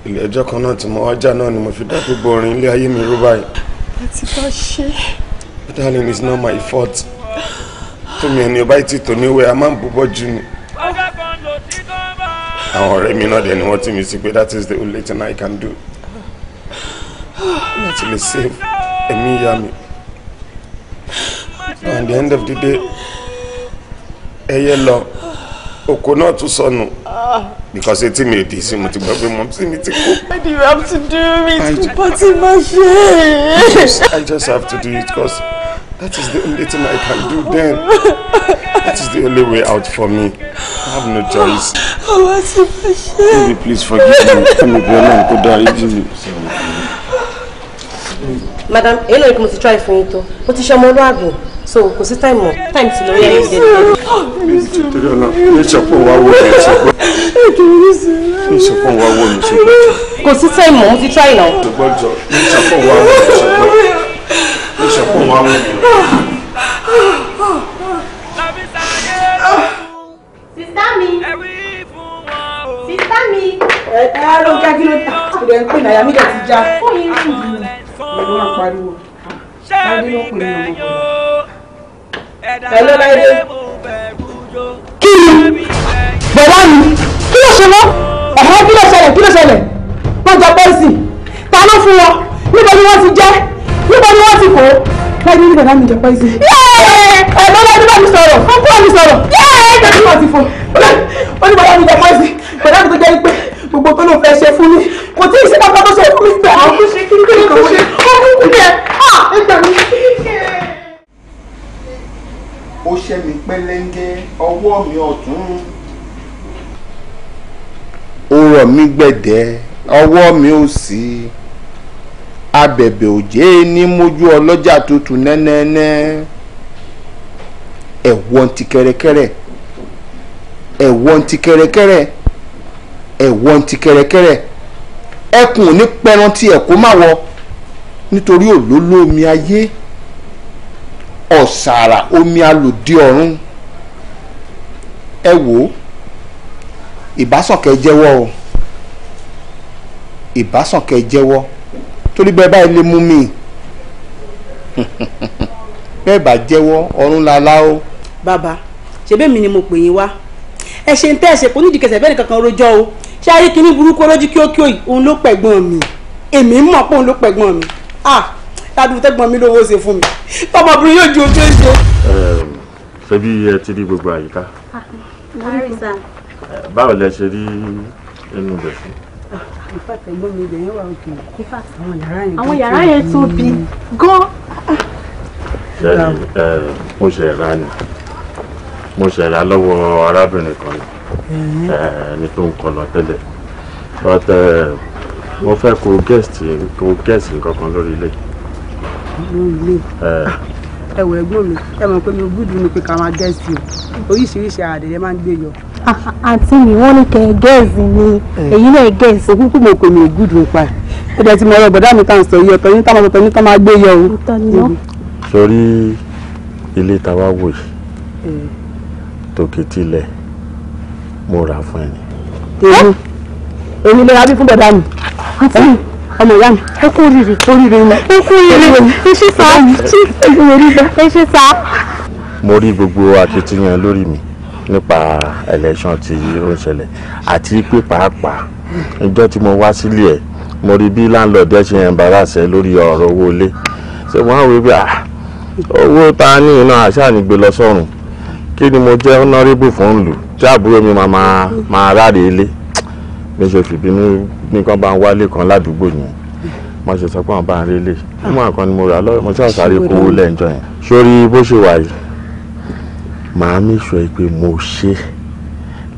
ìgbẹ́jọ́ kan náà tí mo wá náà ni mo fi dá gbogbo orin tèmi ẹni ọba ti tò níwẹ̀ a máa ń búbọ́ jù ni. àwọn ọ̀rẹ́ mi náà dẹ̀ ni wọ́n ti mi sí pé that is the only thing I can do. láti lè save ẹ̀mí ìyá mi. at the end of the day ẹyẹ lọ oko náà tún sọnù because etí mi ò dì í sí mo ti gbọ́ pé mo sì mi ti kú. what do have to do it. party
machine.
I just have to do it because. That is the only thing I can do then. That is the only way out for me. I have no choice.
Oh, what's the pressure? Baby,
please forgive me. Come with your man, go die, Madam, èyí lórí kí mo try for yín tó. Mo ti ṣe ọmọ olúwàbí. So, kò it's time mọ̀. Time ti lọ yẹ ẹ̀yìn
dẹ̀dẹ̀. Torí ọ̀nà, ní ìṣọ̀pọ̀ wa wo mi ṣọ̀pọ̀. Ní ìṣọ̀pọ̀ wa wo mi ṣọ̀pọ̀.
Kò sí time mọ̀, mo ti try náà.
Ṣùgbọ́n jọ, ní
ìṣọ̀pọ̀ wa wo mi ṣọ̀pọ̀
sọ pé òun á wò ó. sísá mi
sísá mi. ẹ ẹ ló ń kí ló ta kò dé ń pè náà yàmídẹ ti já fún yín rìn jù lọ máa pariwo láti ló pè ní ọmọ
ẹ ló láyé. kí ni bàbá mi kí ló ṣe wọ́n ọ̀hún kí ló ṣẹlẹ̀ kí ló ṣẹlẹ̀ wọ́n jọ pẹ́ẹ́sì ta ló fún wọn níbo ni wọ́n ti jẹ́ níbo ni wọ́n ti kó láti ní bàbá mi jẹ pọ́ìsì. ẹ̀gbọ́n láti bá mi sọ̀rọ̀ ọkọ mi sọ̀rọ̀ ẹ̀gbọ́n láti fọ ó ní bàbá mi jẹ pọ́ìsì
bàbá mi tó jẹ́ pé gbogbo tó ló fẹ́ ṣe fún mi kò tí ì sí bàbá tó ṣe fún mi gbà. ọkùnrin ṣe kí ni kò
ṣe ọkùnrin yẹ ah! ẹgbẹ́ mi.
ó ṣẹ́ mi pẹ́lẹ́ńgẹ́ ọwọ́ mi ọ̀tún ó rọ̀ mí gbẹ̀dẹ̀ ọwọ́ mi ò sí i abẹ̀bẹ̀ òjé ni mójú ọlọ́jà tuntun nẹ́nẹ́nẹ́ ẹ̀wọ́n ti kẹ́rẹ́kẹ́rẹ́ ẹ̀wọ́n ti kẹ́rẹ́kẹ́rẹ́ ẹ̀wọ́n ti kẹ́rẹ́kẹ́rẹ́ ẹkùn ò ní pẹran tí ẹ̀kọ́ máa wọ nítorí òlóló omi ayé ọ̀sàrà omi alòdì ọ̀run ẹ wò ó ìbásànkẹ́ jẹ́wọ́ o ìbásànkẹ́ jẹ́wọ́ torí bẹ́ẹ̀ báyìí lè mú mi bẹ́ẹ̀ bá jẹ́wọ́ ọ̀run lala o. bàbá ṣebí mi ni mo pè yín wá ẹ ṣe ń tẹ́ ẹ kò nídìí kẹsẹ̀ bẹ́ẹ̀ nìkankan rojọ́ o ṣé ayé kìíní burúkú olójú kí ó kí òyì òun ló pẹ̀gbọ́n mi èmi ń mọ̀ pé òun ló pẹ̀gbọ́n mi ah ládùúgbò tẹ́gbọ́n mi lówó ṣe fún mi tọmọbìnrin yóò ju ojú ojú. ṣé bí ẹ ti rí gbogbo àyíká ah, báwo lẹ ṣe rí inú rẹ fún ìfàtà ẹ̀gbọ́n mi ibẹ̀ yẹn wà òkè ìfàtà àwọn yàrá yẹn àwọn yàrá yẹn tóbi gan. mo ṣe ra ni mo ṣe ra lọ́wọ́ arábìnrin kan ni tó ń kọlọ tẹ́lẹ̀ but mo fẹ́ kó guest kó guest nǹkan kan lórí ilé ẹwọ ẹ̀gbọ́n mi ẹ mọ̀ pé mi ò gúdù ni pé ká máa gẹẹsì o oríṣiríṣi àdẹyẹ máa ń gbé yọ. Ah, ah, àǹtí mi wọ́n ní kẹ́ ẹ gẹ́ẹ̀sì ni èyí eh. náà gẹ́ẹ̀sì. òkúkú mo kò mi ò gúdù nípa ẹ̀ ó dẹ̀ ti mọ ọ̀rọ̀ bọ̀dá mi tá à ń sọ yìí ọ̀tọ̀ yín táwọn ọ̀tọ̀ yín tó máa gbé yọ
o.
sórí ilé tàwa wò yìí eh. tòkè tilẹ̀ mo rà fún ẹ ni. èmi èmi lè ra bí fún bọ̀dá mi. àǹtí mi ọmọ ìyá mi ẹ kú oríire
oríire ni ẹ kú oríire ẹ ṣe sá ẹ ṣe sá.
mo rí gbogbo akitiyan lórí mi nípa election tí ó ń ṣẹlẹ̀ àti pé pàápàá ìjọ tí mo wá sílé ẹ̀ mo rí bí láńlọ́ọ̀dù ẹ̀ ṣe ń bára ṣe lórí ọ̀rọ̀ owó ilé ṣé wọ́n á wí pé ah, owó ta ní iná àṣà ni lọ sọ́run kí ni mo jẹ́ honorable fún ìlú tí àbúrò mi máa máa ráre ilé mi ṣe fìbínú nìkan bá ń wálé kan ládùúgbò yẹn mo ṣe sọ pé àwọn bá ń rélé mú àkàn ah. ni mo rà lọ́wọ́ mo ṣe àṣàrí kówó lẹ́ńjọ yẹn sórí bó ṣe wà yìí màá mi sọ pé mo ṣe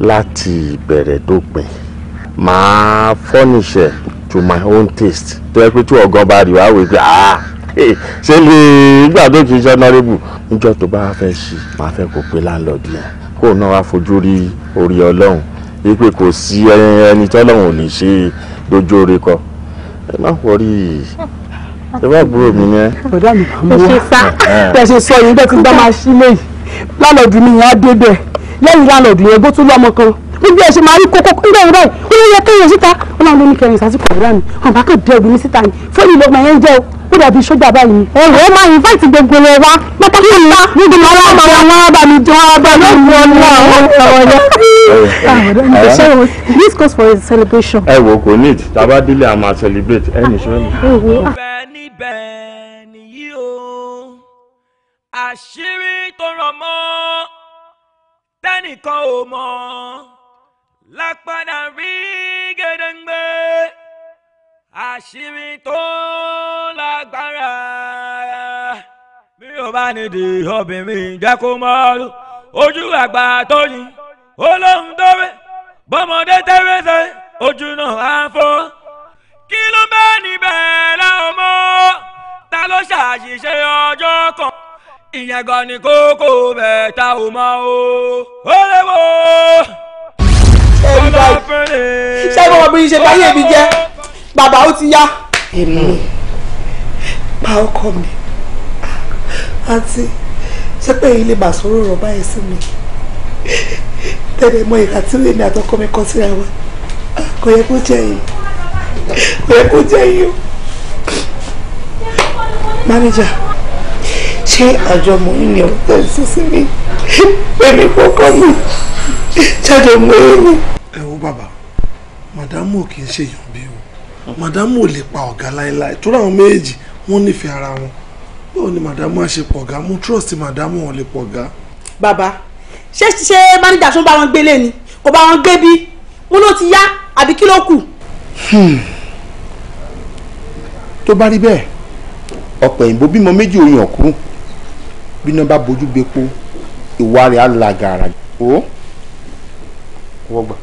láti ìbẹ̀rẹ̀ dópin màá fọ́nìṣẹ̀ to my own taste tó yẹ pé tí ọ̀gán bá rí wá wí pé ah eh, ṣe lè gbàdó kì í ṣe honourable níjọ́ tó bá fẹ́ ṣí màá fẹ́ kó pe láńlọ́ọ̀dù yẹn kóun náà wá fojú rí orí ọlọ́run wípé kò sí ẹni tọ́lọ́run ò lè ṣe lójú orí kọ ẹ má wọrí ẹ bá gbúrò mi ni ẹ.
ọ̀dà mi kàn mọ́ bẹ́ẹ̀ ṣe sọ yìí bẹ́ẹ̀ ti gbá máa ṣí léyìí
lálọ́ọ̀dù mi yẹn á débẹ̀ lẹ́yìn lálọ́ọ̀dù yẹn bó tún lọ́mọ kan níbi ẹ̀ṣẹ̀ máa rí kókó nígbà yẹn báyìí ó lè yẹ kẹyìn síta wọn máa ń lóní kẹrin sásìkò ìrora mi àwọn bá kàn dé ọdún mi síta ni fóònù ìlọgbà yẹn
ń jẹ o ó dàbí sójà báyìí ni. ẹ wọ́n máa invite gbogbo rẹ wá pátákì ńlá níbi máa máa wá bá mi jọ wá bá mi mú ọ this calls for a celebration.
ẹ wo kò need tàbá délé a máa celebrate ẹ nìṣó
àṣírí tó rọ̀ mọ́ tẹ́nìkan ò mọ̀ lápadà rí gèdèǹgbè àṣírí tó lágbára bí o bá nídìí obìnrin jẹ́ kó mọ́ ọ́rú ojú àgbà tó yin olóhùn tó rẹ̀ bọ́mọdé tẹ́rẹ́ sẹ́ ojú náà á fọ́ kí ló bá níbẹ̀ láwọn mọ́ ta ló ṣàṣìṣe ọjọ́ kan ìyẹn gan ni kókó bẹ̀ ta ò mọ̀ o ó léwo tẹ́ rí báyìí ṣé bọ́mọ bí ṣe báyé mi jẹ́ bàbá ó ti yá.
èmi pa ọkọ mi àǹtí ṣé pé ilé màsúrò rọ̀ báyìí sí mi tẹ́lẹ̀ mọ ìhà tí èmi àtọkọ mi kọ síra wa kò yẹ kó jẹ́ yìí kò yẹ kó jẹ́ yìí o. mánéjà ṣé àjọ mò ń ní ọ̀rọ̀ tẹ̀ sí sí mi èmi kò kọ́ mi jáde mú èmi ẹ wo bàbá màdámù ò kì í ṣe èèyàn bí o màdámù o lè pa ọ̀gá láéláé tó ráwọn méjèèjì wọ́n nífẹ̀ẹ́ ara wọn báwo ni màdámù á ṣe pọ̀gá mú trust màdámù wọn lè pọ̀gá. bàbá ṣé ṣe máníjà tó ń bá wọn gbélé ni kò bá wọn gbé bí wọn ló ti yá àbí kí ló kù. Hmm. tó bá rí bẹ́ẹ̀ ọ̀pẹ̀ òyìnbó bímọ méjì oyin ọ̀kúrú bí bá bójú gbepo ìwà rẹ̀ á la gàrà. ó wọ́gbà.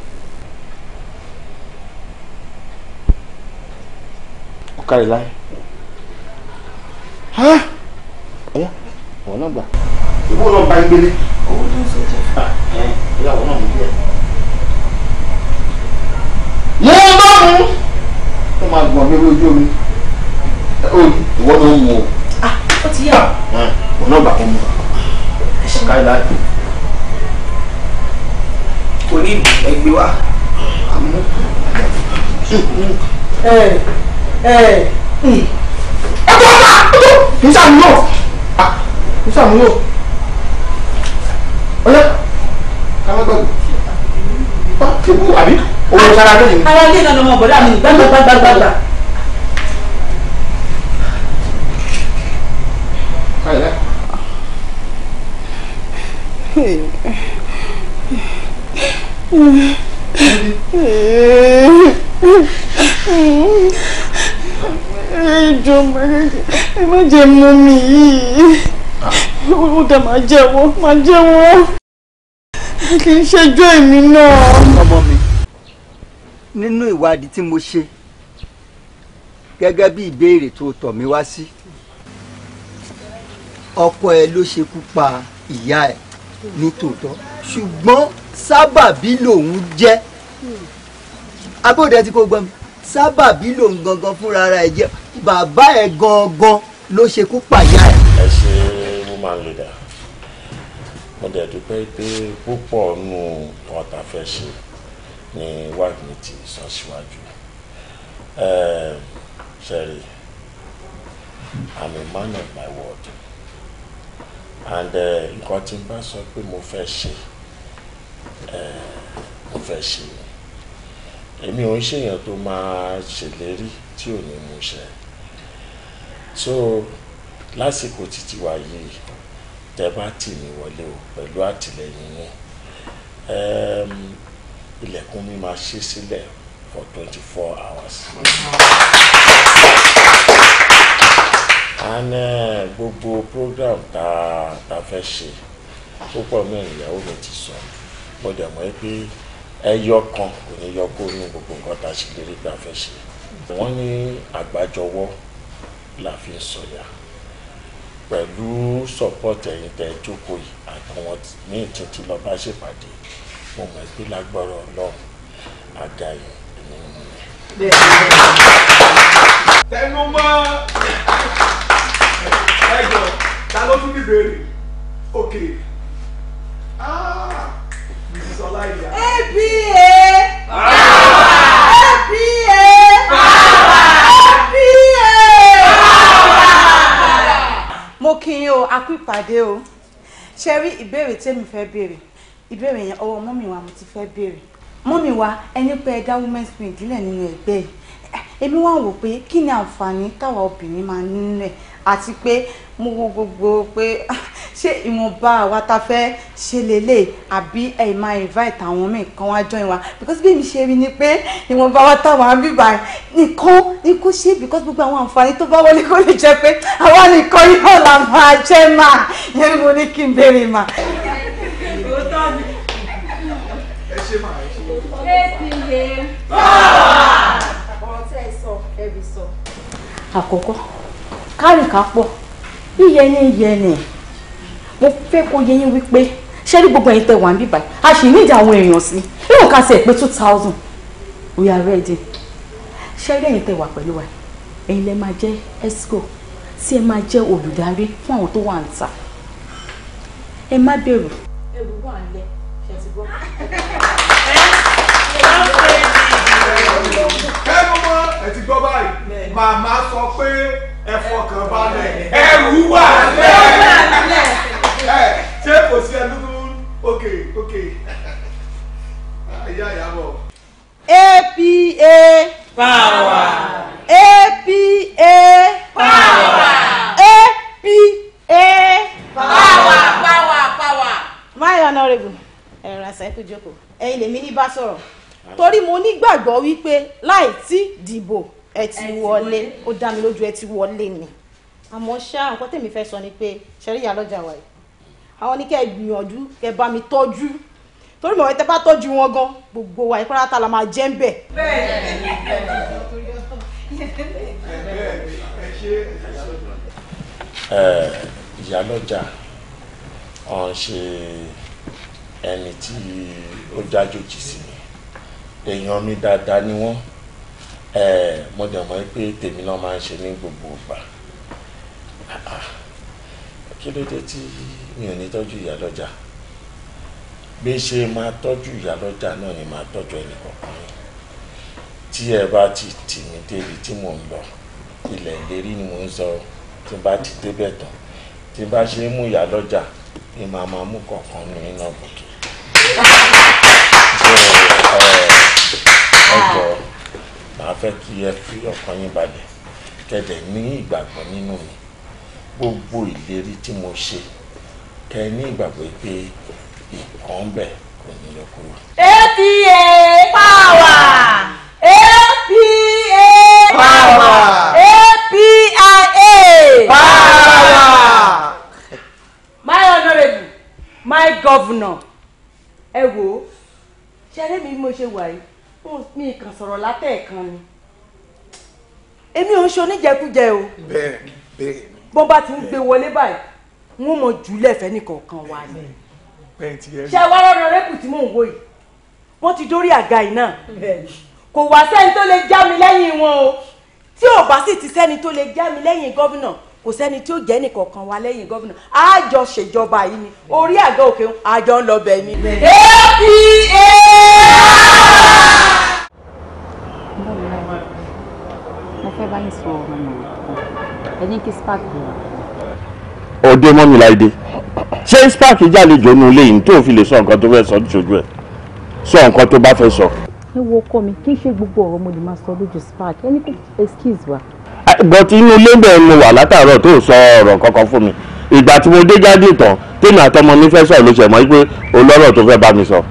kárí láyé ọ̀yá ọ̀wọ́ náà gbà. ìwọ náà bá gbélé. owó tó ń sọ jẹ. ìyàwó náà mi bí ẹ.
mo bá mu.
ó máa gbọ̀n mi lójú omi. ìwọ náà ń mu o. Ah, ó ti yà. ọ̀wọ́ ah, náà gbà kó mu. kárí láyé. kò ní ẹgbẹ́ wa. Ah, ẹ ẹ tó ọ̀la kì í sàmúlò kì í sàmúlò ọ̀la kámẹ́gbàgbọ́ bá kébù àbí owó sára lónìí. ara ilé ìlànà ọmọ ọ̀bọ̀dá mi gbàgbàgbàgbà.
Hey. ẹjọ́ ẹ má jẹ́ mú mi yìí ó dẹ̀ má jẹ́wọ́ má
jẹ́wọ́ kì í ṣẹjọ́ èmi náà. ọmọ mi nínú ìwádìí tí mo ṣe gẹ́gẹ́ bí ìbéèrè tó tọ̀ mí wá sí ọkọ ẹ ló ṣekú pa ìyá ẹ ní tòótọ́ ṣùgbọ́n sábàbí lòun jẹ́ abóòdẹ tí kò gbọ́ mi sábàbí lòun gangan fúnra ẹ jẹ bàbá ẹ gangan ló ṣekú pàyà ẹ. ẹ ṣe woman leader mo dẹ̀ dúpẹ́ pé púpọ̀ nù ọ̀tá fẹ́ ṣe ni wáìfì mi ti sọ síwájú ṣẹ́rí I'm a man of my word and eh, nǹkan tí n bá sọ pé mo fẹ́ ṣe eh, mo fẹ́ ṣe èmi ò ń ṣèyàn tó máa ṣèlérí tí ò ní mú ṣẹ so lásìkò títí wa yìí tẹ bá tì mí wọlé o pẹ̀lú àtìlẹyìn yẹn ilẹ̀kùn mi máa ṣí sílẹ̀ for twenty four hours. and gbogbo program tá a fẹ́ ṣe púpọ̀ mẹ́rin ìyàwó mi ti sọ mo dẹ̀ mọ́ pé ẹyọ kan kò ní yọ kó ní gbogbo nǹkan tá a ṣe lérí pé a fẹ́ ṣe wọ́n ní àgbájọwọ́ la fi ń sọ̀yà pẹ̀lú support ẹ̀yin tẹ̀ jókòó yìí àtàwọn ní ìtútù lọ bá ṣèpàdé mo mọ̀ pé lágbára ọlọ́run àga yìí èmi
mi. tẹnu mọ́
ẹjọ́ ta ló tún ní òkè.
Mrs. Olaiya. APA power. APA power. APA power.
Mo kí yín o, a kú ìpàdé o. Ṣé rí ìbéèrè tèmi fẹ́ béèrè? Ìbéèrè yẹn ọwọ́ mọ́mì wa mo ti fẹ́ béèrè. Mọ́mì wa ẹni pé ẹ dá women's wing nílẹ̀ nínú ẹgbẹ́ yìí. Èmi wá wò pé kí ni àǹfààní táwa obìnrin máa ń nílẹ̀ àti pé mo wo gbogbo pé ṣé ìwọ̀nba àwa ta fẹ́ ṣe lélẹ̀ àbí ẹ̀ máa invite àwọn míì kan wá join wa because bí mi ṣe rí ni pé ìwọ̀nba wa táwọn àbíbà nìkan ni kò ṣe because gbogbo àwọn àǹfààní tó bá wọlé
kó lè jẹ pé àwa nìkan yóò là máa jẹ́ máa yẹn mo ní kí n béèrè máa. ẹ ṣe máa ẹ ṣe.
àkọ́kọ́ kárìkà pọ̀ yíyẹ ní yẹ ni mo fẹ́ kó yẹ yín wípé ṣé rí gbogbo ẹ̀yin tẹ wà ń bíbá a sì ní ìdí àwọn èèyàn sí ìwọ̀n ká sí ẹ̀ pé two thousand we are ready ṣé rí ẹ̀yin tẹ wà pẹ̀lú wa ẹ̀yin lẹ máa jẹ́ esco tí ẹ máa jẹ́ olùdarí fún àwọn tó wà ń ta ẹ má bẹ̀rù.
ẹrù wà lẹ ṣe ti gbọ́.
ẹnu mọ ẹ ti báyìí màmá sọ pé ẹ fọkàn balẹ̀ ẹrù wà lẹ. Eh, ṣé kò sí ẹni tó òkè òkè ayé ah, àyàbọ̀.
apa power apa power apa power power power.
my honourable ẹ̀rọ àṣà ẹ̀kú jókòó ẹ̀yin lèmi ní bá sọ̀rọ̀ torí mo nígbàgbọ́ wípé láì tí dìbò ẹ ti wọlé ó dá mi lójú ẹ ti wọlé ni àmọ́ ṣá nǹkan tèmi fẹ́ sọ ni pé ṣẹ́rí ìyá lọ́jà wáyé àwọn ní kẹ́ ẹ gbìyànjú kẹ́ ẹ bá mi tọ́jú torí mọ̀ tẹ́ bá tọ́jú wọn gan gbogbo wa ìpínlẹ̀ ta la máa jẹ́ ń bẹ̀. ìyálọ́jà ọ̀hún ṣe ẹni tí ó jájòjì sí mi èèyàn mi dáadáa ni wọ́n mo dẹ̀ mọ̀ pé tèmi náà máa ń ṣe ní gbogbo ìgbà ah, ah, kí ló dé tí mi ò ní tọ́jú ìyá lọ́jà bí ṣe máa tọ́jú ìyá lọ́jà náà ni máa tọ́jú ẹnì kọ̀ọ̀kan yìí tí ẹ bá ti tì mí débi tí mò ń lọ ilẹ̀ ìlérí ni mò ń sọ tí bá ti débẹ̀ tán tí bá ṣe mú ìyá lọ́jà ni màá máa mú kọ̀ọ̀kan ní iná bùtù. ọjọ́ màá fẹ́ kí ẹ fi ọkàn yín balẹ̀ kẹ́dẹ̀ ní ìgbàgbọ́ nínú mi gbogbo ìlérí tí mo ṣe kẹ ní ìgbàgbọ́ pé ìkan bẹ kò ní lọ
kúrò. apa power apa power apia power. my honourable
my governor ẹ wò ó ṣe eré mi bí mo ṣe wà
yìí
mi kàn sọ̀rọ̀ látẹ̀ẹ̀kan ni èmi ò ń ṣe oníjẹkújẹ o bó bá ti ń gbé wọlé báyìí wọn mọ jù lẹ́fẹ̀ẹ́ nìkọ̀ọ̀kan wa ni ṣe wá rọrùn rẹ́kù tí mò ń wò yìí wọ́n ti dórí àga yìí náà kò wá sẹ́ni tó lè já mi lẹ́yìn wọn o tí ò bá sì ti sẹ́ni tó lè já mi lẹ́yìn gómìnà kò sẹ́ni tí ó jẹ́ nìkọ̀ọ̀kan wa lẹ́yìn gómìnà àjọ ṣèjọba yìí ni orí àga
òkè àjọ ń lọ bẹ̀ ni. apa.
mo fẹ́ báyìí sọ ọ̀rọ̀ náà ẹni kí spark bẹ̀rẹ̀ òde Mọ́miláídé ṣé spark jàlejò nu ilé yìí tó fi lè sọ nǹkan tó fẹ́ sọ níṣojú ẹ̀ sọ nǹkan tó bá fẹ́ sọ. ẹ wo ọkọ mi kì í ṣe gbogbo ọ̀rọ̀ mo lè máa sọ lójú spark ẹni kò excuse wa. but inú ilé bẹ́ẹ̀ mo wà látàárọ̀ tó sọ ọ̀rọ̀ kankan fún mi ìgbà tí mo dé jáde tán tèmi àtọmọ mi fẹ́ sọ̀rọ̀ ló ṣe mọ́ pé olọ́rọ̀ tó fẹ́ bá mi sọ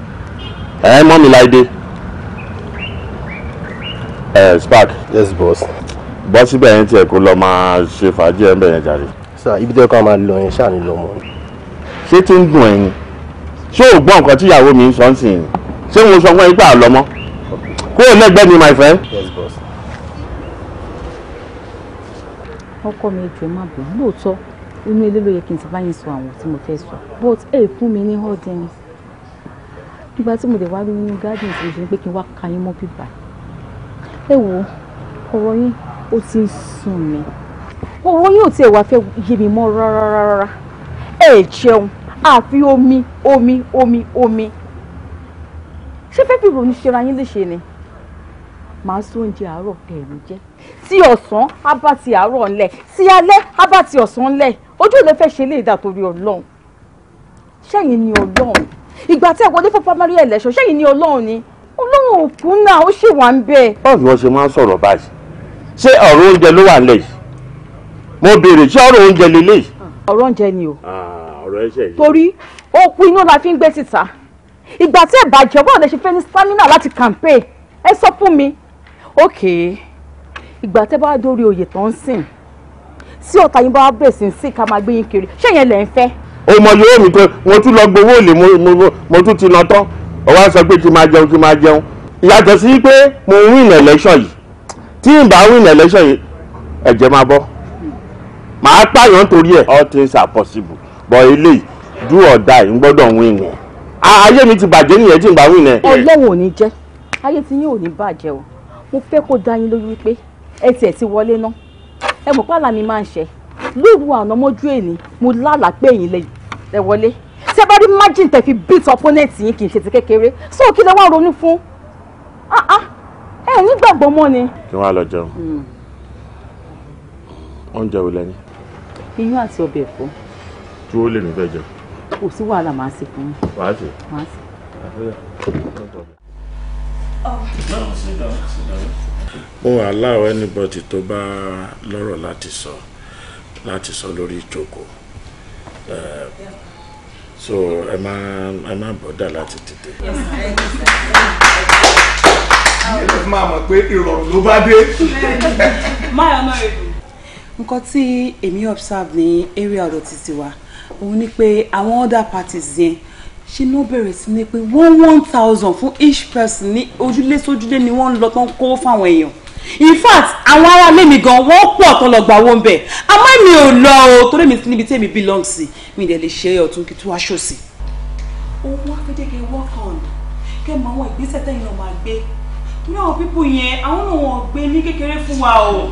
ẹ̀ Mọ́miláídé ẹ̀ spark. yes boss. bọ́ síbẹ̀ yẹn tiẹ̀ kó lọ máa ṣe fàájì ẹ̀ ń bẹ̀yẹn jàre sà ibi tẹ́ ká máa lọ yẹn ṣáà ní lọ́mọ. ṣé tí ń dùn ẹ̀yin ṣé ò gbọ́ nǹkan tíyàwó mi ń sọ ń sìn yín ṣé mo sọ fún yín pé àlọ́mọ́ kúrò lẹ́gbẹ̀ẹ́ mi my friend. Yes, boss. ọkọ mi jù ẹ má bọ̀ lóòótọ́ inú ilé ló yẹ kí n ti bá yín sọ àwọn tí mo fẹ́ sọ but ẹ fún mi ní ọ̀dẹ́ni nígbà tí mo dẹ̀ wá rí nínú garden tí mo ṣe ń pé kí n wá ka yín mọ́ bíbá ẹ wo ọ̀rọ̀ yín ó ti ń sùn mí owó yóò tiẹ̀ wá fẹ́ yé mi mọ́ rárá rárá ẹ jẹun àfi omi omi omi omi ṣé fẹ́ bìrò ní ṣe ra yín léṣe ni màá sọ oúnjẹ àárọ̀ ẹ̀rù jẹ́ tí ọ̀sán á bá ti àárọ̀ ńlẹ̀ tí alẹ́ á bá ti ọ̀sán ńlẹ̀ ojú ò lè fẹ́ ṣe léèdà torí ọlọ́run ṣẹ́yìn ni ọlọ́run ìgbà tí ẹ wọlé fún primary election ṣẹ́yìn ni ọlọ́run ni ọlọ́run òkú náà ó ṣèwà ń bẹ́ẹ̀. báwo ni wọ́n ṣe máa ń sọ̀rọ̀ báyìí ṣé ọ̀rọ̀ oúnjẹ ló wà ńlẹ̀ yìí mo béèrè ṣé ọ̀rọ̀ oúnjẹ lélẹ̀. ọ̀rọ̀ oúnjẹ ni o. Ah, ọ̀rọ̀ ẹ̀ṣẹ̀ yìí. torí okun iná la fi ń gbé síta ìgbà tí ẹ bàjẹ́ bọ́ọ̀dẹ ṣe fẹ́ ní stamina láti campaign ẹ sọ fún mi. okay ìgbà tẹ́ bá dórí oyè tó ń sìn tí ọ̀tá yín bá bẹ̀rẹ̀ sí ń sìn ká máa gbé yín kiri ṣé yẹn lẹ̀ ń fẹ́. ó mọ yóò mi pé mo tún lọ gbowó èlé mo tún ti lọ tán ó wá sọ pé kí máa jẹun kí máa jẹun ìyàtọ̀ sí pé mo win election yìí tí n bá win election yìí ẹ̀jẹ̀ máa bọ́ màá pààyàn torí ẹ̀ all things are possible but eléyìí do or die ń gbọ́dọ̀ win yẹn ayé mi ti bàjẹ́ nìyẹn tí n bá win yẹn. ọlọ́wọ̀n ò ní jẹ́ ayé tí yín ò ní bàjẹ́ o mo fẹ́ kó dá yín lójú wípé ẹ tiẹ̀ ti wọlé ná ẹ mọ̀ pààlà mi máa ń ṣe lóru àwọn ọmọjú èní mo lálàá pé èyí lẹ́yìn ẹ wọlé tí ẹ bá rí margin tẹ̀ fi beat opponent yín kì í ṣe ti kékeré so kí lẹ wá ronú fún ah, ah, ẹ nígbàgbọ́ mọ́ ni. kí wọ́n á lọ jẹun hmm. oúnjẹ wo lẹ́yìn iyán àti ọbẹ̀ ẹ̀fọ́. tí ó lè mí fẹ́ jẹ. kò sí wàhálà màá ṣe fún mi. wàá ṣe. màá ṣe. mo allow anybody tó bá lọ́rọ̀ láti sọ láti sọ lórí ìjókòó eh, so ẹ má ẹ má bọ́dà láti tètè. ẹ máa mọ̀ pé ìrọ̀rùn ló bá dé. máa máa rè é nǹkan tí èmi observe ní area ọ̀dọ̀ títí wa òun ni pé àwọn other parties yẹn ṣe náà bẹ̀rẹ̀ sí ni pé one one thousand fún each person ní ojúlé sójúlé ni wọ́n ń lọ tán kó fáwọn èèyàn in fact àwọn ará ilé mi gan wọ́n pọ̀ tán lọ gbà owó ń bẹ̀ àmọ́ mi ò lọ o torí mi níbi tí èmi belong sí mi dẹ̀ lè ṣe ọ̀tún kí tó wá ṣòsì. owó akédèké work on kẹ́ mọ àwọn ìgbésẹ̀ tẹ̀yìn náà máa gbé torí àwọn pípò yẹn àwọn náà wọ́n gbé ní kékeré fún wa o.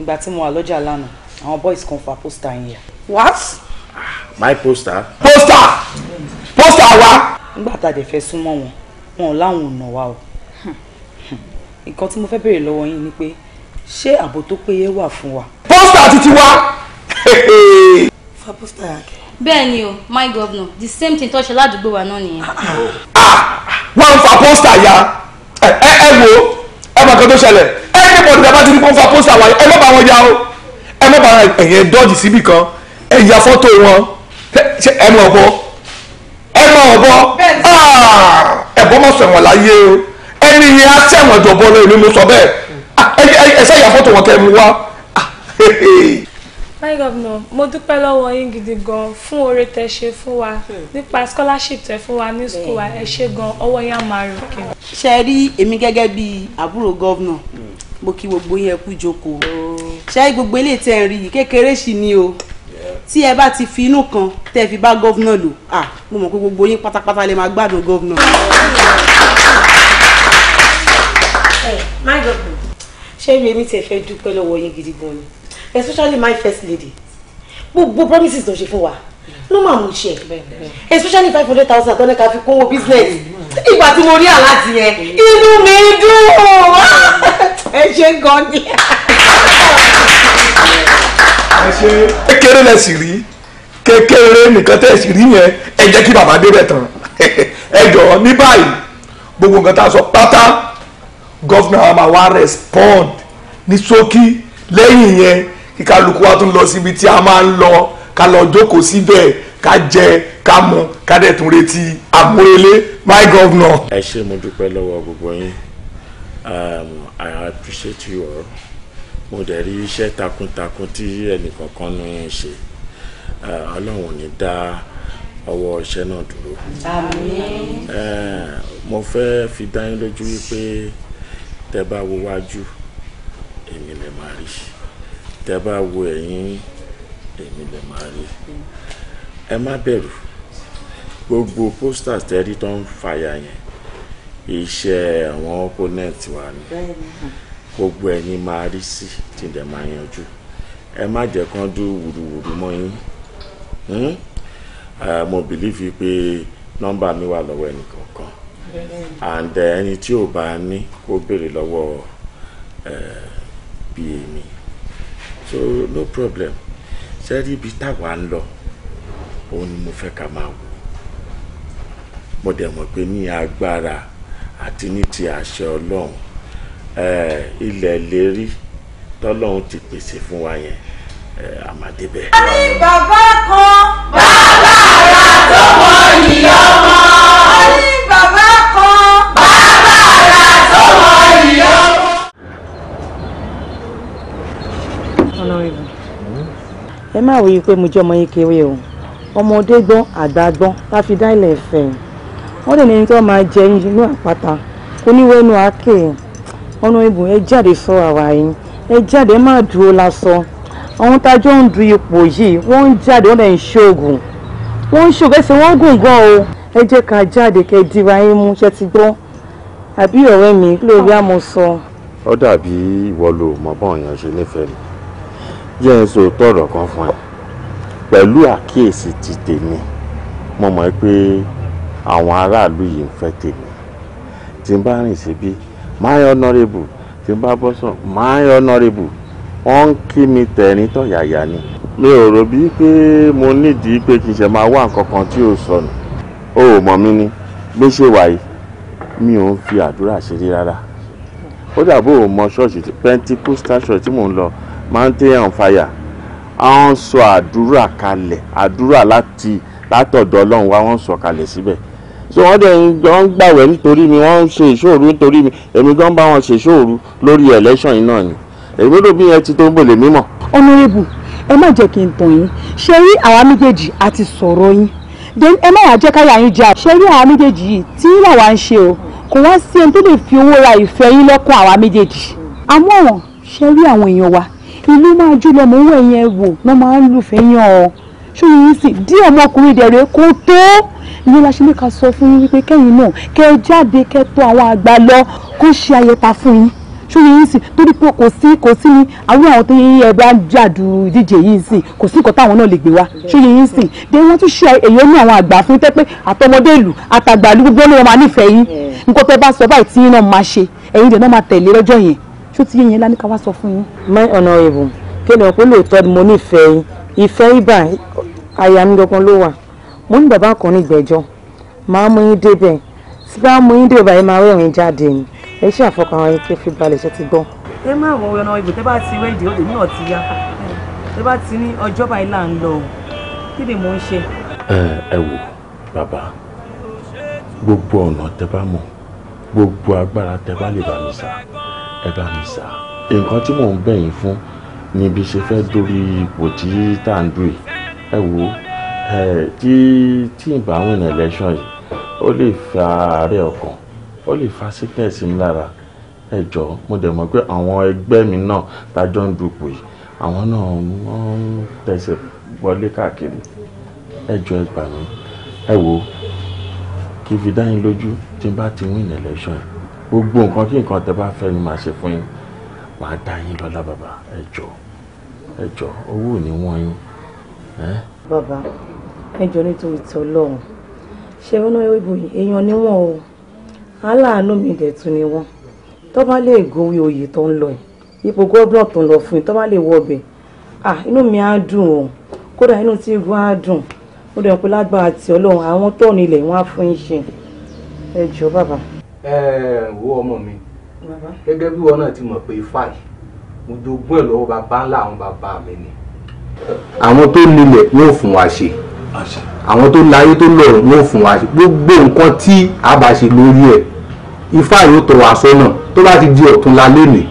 ìgbà tí mo wà lọ́jà lánàá àwọn boys kan fa poster yẹn what. my poster. poster poster wa. nígbà tá a dẹ̀ fẹ́ súnmọ́ wọn wọn ò láwọn ò nà wa o nǹkan tí mo fẹ́ béèrè lọ́wọ́ yín ni pé ṣé ààbò tó péye wà fún wa. poster ti wa. fa poster yà kẹ́. bẹ́ẹ̀ ni o my governor the same thing tó ṣe ládùúgbò wa náà nìyẹn. Ah, ah, wọ́n ń fa poster ya ẹ ẹ wo ọmọ kan tó ṣẹlẹ̀ ẹni bọ̀dù bàbá ti ní kó fa pósítà wáyé ẹ má bá wọn ya o ẹ má bá ẹ̀yìn dọ́ọ̀jì síbì kan ẹ ya fọ́tò wọn ẹ mọ ọ̀bọ ẹ mọ ọ̀bọ
ah!
ẹ̀bọ mọ̀ sẹ̀wọ̀n láyé o ẹni yẹn á sẹ̀wọ̀n jọ̀bọ lọ ìlú mi sọ bẹ́ẹ̀ ah! ẹ ṣe ya fọ́tò wọn kẹ́ ẹ mú wá. Ah! my governor mo dúpẹ́ lọ́wọ́ yín gidi gan fún oore tẹ ṣe fún
wa hmm. nípa scholarship tẹ fún wa ní school wa ẹ ṣe gan ọwọ́ yín á máa ròkè.
ṣe rí èmi gẹ́gẹ́ bí àbúrò gọ́vnà hmm. mo kí gbogbo yín kú jókòó ṣe rí gbogbo ilé tẹ̀ ń rí yìí kékeré sì ni o tí ẹ bá ti fi inú kan tẹ́ fi bá gọ́vnà lò à mo mọ̀ pé gbogbo yín pátápátá lè máa gbádùn gọ́vnà. my governor ṣé ibi èmi tẹ̀ fẹ́ dúpẹ́ lọ́wọ́ yín gidi gan ni especially my first lady gbogbo promises tó ṣe fún wa ló máa mú iṣẹ́ especially five hundred thousand tó ní ká fi kówó business ìgbà tí mo rí àláti yẹn inú
mi dùn ẹ ṣe gan ni.
kékeré lẹ sì rí kékeré nìkan tẹ̀ sì rí yẹn ẹ jẹ́ kí bàbá débẹ̀ tán ẹ jọ̀ọ́ ní báyìí gbogbo nǹkan tá a sọ pátá gọ́fìnà àmà wa respond ní ṣókí lẹ́yìn yẹn kíkálukú wa tún lọ síbi tí a máa ń lọ ká lọ jókòó síbẹ̀ ká jẹ ká mu ká dẹ̀ tún retí àmúrelé my governor. ẹ ṣé mo dúpẹ́ lọ́wọ́ gbogbo yín um, i appreciate you all mo dẹ̀ rí iṣẹ́ takuntakun tí ẹnìkọ̀ọ̀kan ní í ṣe uh, ọlọ́run ò ní dá ọwọ́ iṣẹ́ náà dúró. Um, mo fẹ́ fi dá yín lójú wípé tẹ́ bá wo wájú èmi lè máa rí i tẹ́ bá wo ẹ̀yìn èmi lè máa rí ẹ má bẹ̀rù gbogbo posters tẹ́ rí tó ń fàyà yẹn iṣẹ́ àwọn opponent wa ni gbogbo ẹ̀yin máa rí sí tí dẹ̀ máa yanjú ẹ má jẹ́ kán dún wùrùwùrù mọ́ yín hmm? mo believe pé nọ́mbà mi wà lọ́wọ́ ẹnì kọ̀ọ̀kan and eh, ẹni tí ò bá ní kó béèrè lọ́wọ́ bíi eh, èmi so no problem sẹ́rí ibi táwa ń lọ òun ni mo fẹ́ ká máa wò mo dẹ̀ mọ̀ pé ní agbára àti ní ti àṣẹ ọlọ́run ilẹ̀ lérí tọ́lọ́run ti pèsè fún wa yẹn
àmàdébẹ̀. a ní bàbá kan bàbá wa tó ìyá.
ẹ má wòye pé mo jẹ́ ọmọ yín kéré o ọmọdé gbọ́n àgbà gbọ́n tá a fi dá ilẹ̀ fẹ̀ wọ́n lè ní ẹni tí wọ́n máa jẹ inú àpáta kó níwẹ́nu àáké ọ̀nà ìbò ẹ jáde sọ àwa yín ẹ jáde má dúró lásán àwọn tájọ́ ń du ipò yìí wọ́n ń jáde wọ́n dẹ̀ ń ṣoògùn wọ́n ń ṣoògùn
ẹsẹ̀ wọ́n gùn gan o ẹ jẹ́ ká jáde kẹ́ dira yín mú ṣe ti gbọ́ àbí ọ̀rẹ́ mi lórí àmọ́ sọ.
ó dàbí ìwọ lo mọ̀ bọ́ọ̀ yẹn ṣe nífẹ̀ẹ́ jẹ́ ń sọ tọ̀rọ̀ kan fún ẹ pẹ̀lú àkíyèsí ti tèmi mo mọ̀ pé àwọn aráàlú yìí ń fẹ́ tèmi tí n bá rìn síbí my honourable tí n bá bọ́ sọ my honourable wọ́n ń kí mi tẹ̀rín tọ̀yàyà ni mi ò rò bíi pé mo nídìí pé kì í ṣe máa wá nǹkan kan tí ò sọnù o ò mọ̀ mí ni bí ṣe wà mi ò ń fi àdúrà ṣeré rárá ó dàbò mọ ṣọ́ọ̀ṣì pentikosta ṣọ́ọ̀ṣì tí mò ń lọ mountain on fire àwọn sọ àdúrà kalẹ̀ àdúrà láti látọ̀dọ̀ ọlọ́run wá wọ́n sọ kalẹ̀ síbẹ̀ so wọ́n dẹ̀ wọ́n gbàwẹ̀ nítorí mi wọ́n ń ṣe ìṣòro nítorí mi èmi gan bá wọn ṣe ìṣòro lórí election yìí náà ni èmi ló bí yẹn ti tó ń bòlè mímọ̀. honourable ẹ má jẹ́ kí n tàn yín ṣe rí àwa méjèèjì àti sọ̀rọ̀ yín then ẹ má wàá jẹ́ káyà yín jẹ́ àṣẹ rí àwa méjèèjì yìí tí yín làwa ń ṣe o kò wá sí ẹni tó lè fi owó ra ìfẹ́ yín lọ́kàn àwa méjèèjì àmọ́ ṣe rí àwọn èèyàn wa ìlú máa jù lọ mò ń wọ ẹ̀yìn ẹ̀wò náà máa ń lùfẹ́ yàn ọ́ ṣùgbọ́n yìí sì díẹ̀ ọmọkùnrin dẹ̀rẹ̀ kó tó ìyẹn la ṣe ní ká sọ fún yín wípé kẹ́yìn náà kẹ́ ẹ jáde kẹ́ tó àwọn àgbà lọ kó ṣe ayẹta fún yín ṣùgbọ́n yìí sì torí pé kò sí kò sí ní àwọn àwọn tó yẹ ẹ bá ń jàdù ìdíje yìí sì kò sí nǹkan táwọn náà lè gbé wá ṣùgbọ́n yìí sì dé wọ́n tún ṣe èyí ní àwọn àgbà fún tẹ́pẹ́ àtọmọdé ìlú àtàgbà ìlú gbogbo ló máa nífẹ̀ẹ́ yín nǹkan tẹ́ bá sọ báyìí tí yín náà máa ṣe ẹ̀yin dẹ̀ náà máa tẹ̀lé lọ́jọ́ yẹn ṣó ti yẹn lánìí ká wá sọ fún yín. my honourable kéèyàn pé lóòótọ́ ni mo nífẹ̀ẹ́ yín ìfẹ́ ibà àyà mi gangan ló wà mo ní bàbá kan ní ìgbẹ́jọ́ máa mú yín débẹ̀ tí bá mú yín débẹ̀ báyìí máa rẹ́rìn jáde ni ẹ ṣe àfọkàn àwọn ike fi balẹ̀ ṣe ti gbọ́. ẹ má wọ ọ̀nà ìbò tẹ́ bá ti wẹ́ ìdí òde ní ọ̀tí yá tẹ́ bá ti ní ọjọ́ báyìí là ń lọ kí ni mò ń ṣe. ẹ wò bàbá gbogbo ọ̀nà tẹ́ bá mọ̀ gbogbo agbára tẹ́ bá lè bá mi sá ẹ bá mi sà nǹkan tí mò ń bẹ̀yìn fún ni bí ṣe fẹ́ dórí ipò tí tá à ń dùn ẹ wò ẹ tí tí ìbá win election yìí ó lè fa àárẹ̀ ọkàn ó lè fa sickness mi lára ẹ jọ mo dẹ̀ mọ̀ pé àwọn ẹgbẹ́ mi náà tájọ́ ń dupò yìí àwọn náà wọ́n ń tẹ̀sẹ̀ wọlé káàkiri ẹ jọ ẹ gbà mí ẹ wò kí fi dá yín lójú tí n bá ti win election yìí gbogbo nǹkan kí nǹkan tẹ bá fẹ́ ni màá ṣe fún yín màá dá yín lọ́lá bàbá ẹ jọ ẹ jọ owó ní wọ́n yín. bàbá ẹ jọ nítorí tí ọlọ́run ṣe wọn náà ìbò èèyàn ni wọn o aláàánú mi dẹ̀ tún ni wọn tó bá lè gorí oyè tó ń lọ ẹ̀ ipò gómìnà tó ń lọ fún yín tó bá lè wọ ọbẹ̀ ah inú mi á dùn o kódà inú tí igun á dùn mo dẹ̀ ń pe lágbára tí ọlọ́run àwọn tó nílẹ̀ wọn á fún yín ṣe ẹ bàbá wo ọmọ mi gẹ́gẹ́ bí wọn náà ti mọ̀ pé fáì mo jogún ẹ̀ lọ́wọ́ bàbá ńlá àwọn bàbá mi ni. àwọn tó nílẹ̀ yóò fún wa ṣe àwọn tó láyé tó lọ́rùn yóò fún wa ṣe gbogbo nǹkan tí a bá ṣe lórí ẹ̀ ifá yóò tọ́ wa sọ́nà tó bá ti di ọ̀túnla lónìí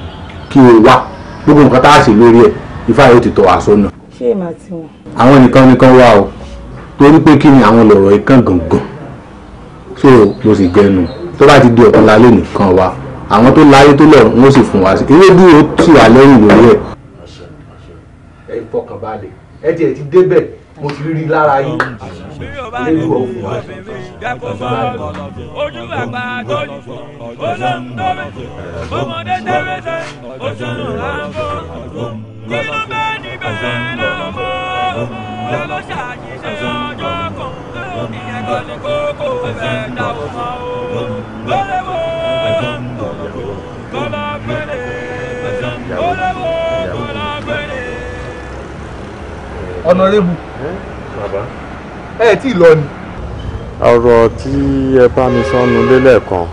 kí o wá gbogbo nǹkan tá a ṣe lórí ẹ̀ ifá yóò ti tọ́ wa sọ́nà. ṣé èèmà ti wọn. àwọn nìkan nìkan wà o torí pé kí ni àwọn lọ̀rọ̀ ikán gangan so mo sì jẹnu tó bá ti di ọ̀tún lálẹ́ nìkan wa àwọn tó láyé tó lẹ̀ wọ́n sì fún wa sí eré dúró sì wà lẹ́yìn lórí ẹ̀.
ẹ fọkànbalẹ̀
ẹ tiẹ̀ ti débẹ̀ mo ti rí lára yín eré dúró
ní kókó ọ̀nàrẹ́bù ẹ tí ì lọ ni.
ọ̀rọ̀ tí ẹ bá mi sọ́nu lélẹ̀kan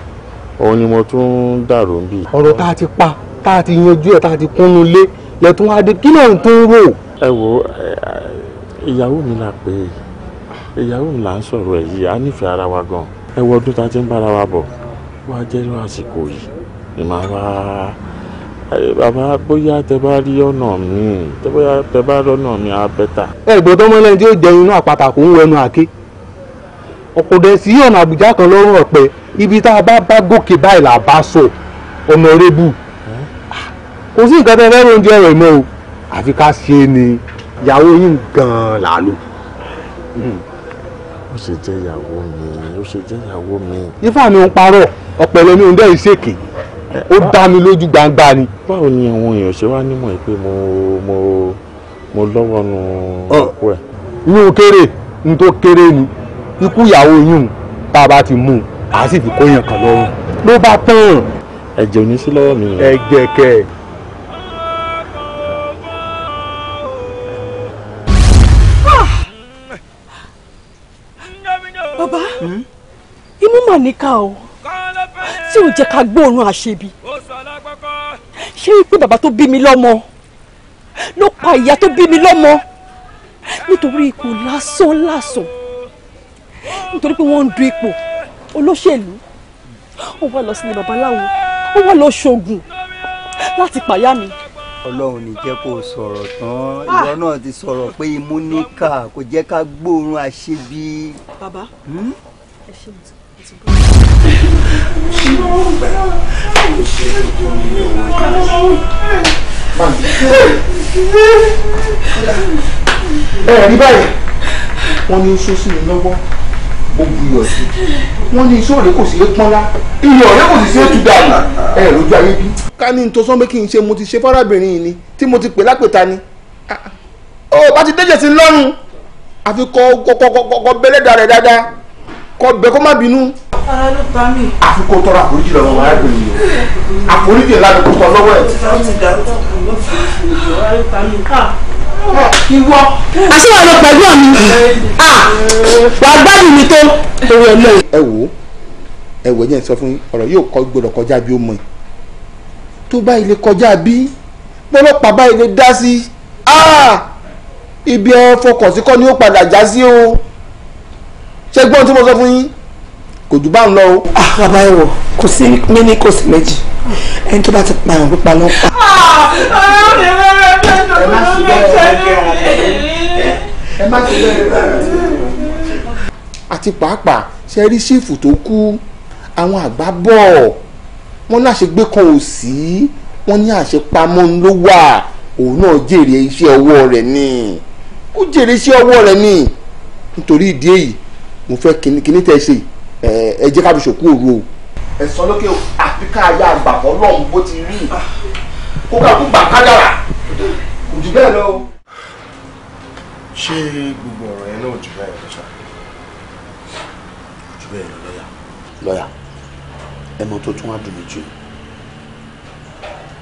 òun ni mo tún ń dàrú bí. ọ̀rọ̀ tá a ti pa tá a ti yanjú ẹ̀ tá a ti kúnnu lé lẹ́tún adé kí lóun tó ń rò. ẹ wo ìyàwó mi là pé ìyàwó mi là ń sọ̀rọ̀ ẹ̀ yìí a nífẹ̀ẹ́ ara wa gan ẹ wọ ọdún tá a ti ń bára wa bọ̀ wá jẹ́ lọ àsìkò yìí ni màá wá bàbá bóyá tẹ bá rí ọ̀nà mi tẹ bóyá tẹ bá rí ọ̀nà mi á bẹ́tà. ẹ gbọ́dọ̀ tọ́mọ́lẹ́ni tí yóò jẹun inú àpáta kò ń wẹnu àké ọ̀kọ̀dẹ̀ sí ọ̀nà àbújá kan lọ́rùn ọ̀pẹ ibi tá a bá bá gòkè báyìí là bá sọ ọ̀nà rébù kò sí nǹkan tẹ́ fẹ́ràn oúnjẹ rẹ̀ mọ́ o àfi ká ṣe ni ìyàwó yín gan-an làálù ṣe jẹ́ ìyàwó mi ó ṣe jẹ́ ìyàwó mi. ifá mi ń parọ́ ọ̀pẹ̀lẹ̀ mi ò ń dẹ́ ìṣèké ó dá mi lójú gbangba ni. báwo ni àwọn èèyàn ṣe wá nímọ̀ pé mo mo mo lọ́wọ́ nu ọkọ ẹ̀. inú kéré n tó kéré ni ikú ìyàwó yìí tá a bá ti mú un a sì fi kóyàn kan lọ́rùn ló bá tán. ẹ̀jẹ̀ ò ní sí lọ́wọ́ mi. ẹ̀jẹ̀ kẹ́ẹ̀.
mà níkà o tí ò jẹ́ ká gbóòórùn
àṣebi ṣé wípé bàbá tó bí mi lọ́mọ ló pa ìyá tó bí mi lọ́mọ nítorí ipò lásán lásán nítorí pé wọ́n ń du ipò olóṣèlú ó wá lọ sílé babaláwo ó wá lọ ṣoògùn láti pàyà mi. ọlọ́run ní jẹ́ kó sọ̀rọ̀ tán ìwọ náà ti sọ̀rọ̀ pé imú níkà kò jẹ́ ká gbóòórùn àṣebi.
bàbá hmm? ẹ ṣe mi tó ẹ rí
báyìí wọ́n ní iṣó sí mi lọ́wọ́ ó buyọ̀ sí wọ́n ní iṣó rẹ̀ kò sí é pọ́nlá iyọ̀ rẹ̀ kò sì sí é tu dànù ẹ lójú ayé bí. ká ní tó sọ́n pé kí n ṣe mo ti ṣe fárábìnrin yìí ni tí mo ti pè lápèta ni ó bá ti déjèsí lọ́rùn àfi kọ́ kọ́ kọ́ kọ́ bẹ́lẹ́dà rẹ̀ dáadáa kọ bẹ kó má bínú. ara ló ta mí. àfikún tọrọ àforíjì lọ́wọ́ wọn ayé pèlú yìí àforíjì ńlá ló kọ́ lọ́wọ́ ẹ̀.
ìwọ àṣìwọ̀ lọ pẹ̀lú ọ̀mi ah. wà á gbádùn mi
tó owó ẹ̀mọ́ yìí. ẹ wò ó ẹ wò ó jẹ́ ń sọ fún yín ọ̀rọ̀ yóò kọ́ gbọ́dọ̀ kọjá bí ó mọ̀ yìí tó bá ilé kọjá bí pọ́lọ́pàá bá ilé dá sí ah, ibi ẹ fọkàn sí kọ́ ni ó padà já sí o ṣé gbọ́n tí mo sọ fún yín kò jù bá ń lọ o. Ah, bàbá ẹ wọ kò sí méní kò sí méjì ẹni tó bá ti pa àwọn pípa ló ń pa. àti pàápàá ṣe rí ṣífù tó kú àwọn àgbà bọ̀ wọ́n ní àṣegbé kan ò sí wọ́n ní àṣepamọ́ ló wà òun náà jèrè iṣẹ́ ọwọ́ rẹ̀ ni ó jèrè iṣẹ́ ọwọ́ rẹ̀ ni nítorí ìdí èyí mo fẹ́ kíní tẹ́ ṣe ẹ jẹ́ ká fi ṣòkú òru o. ẹ̀sán lókè àfi ká yá àgbà fọlọ́run bó ti rí kó ká kú gbà kádàrà kò jù bẹ́ẹ̀ lọ. ṣé gbogbo ọ̀rọ̀ yẹn náà jù bẹ́ẹ̀ lọ ṣá jù bẹ́ẹ̀ lọ lọ́yà. lọ́yà ẹ mọ tó tún wá dùn mí jù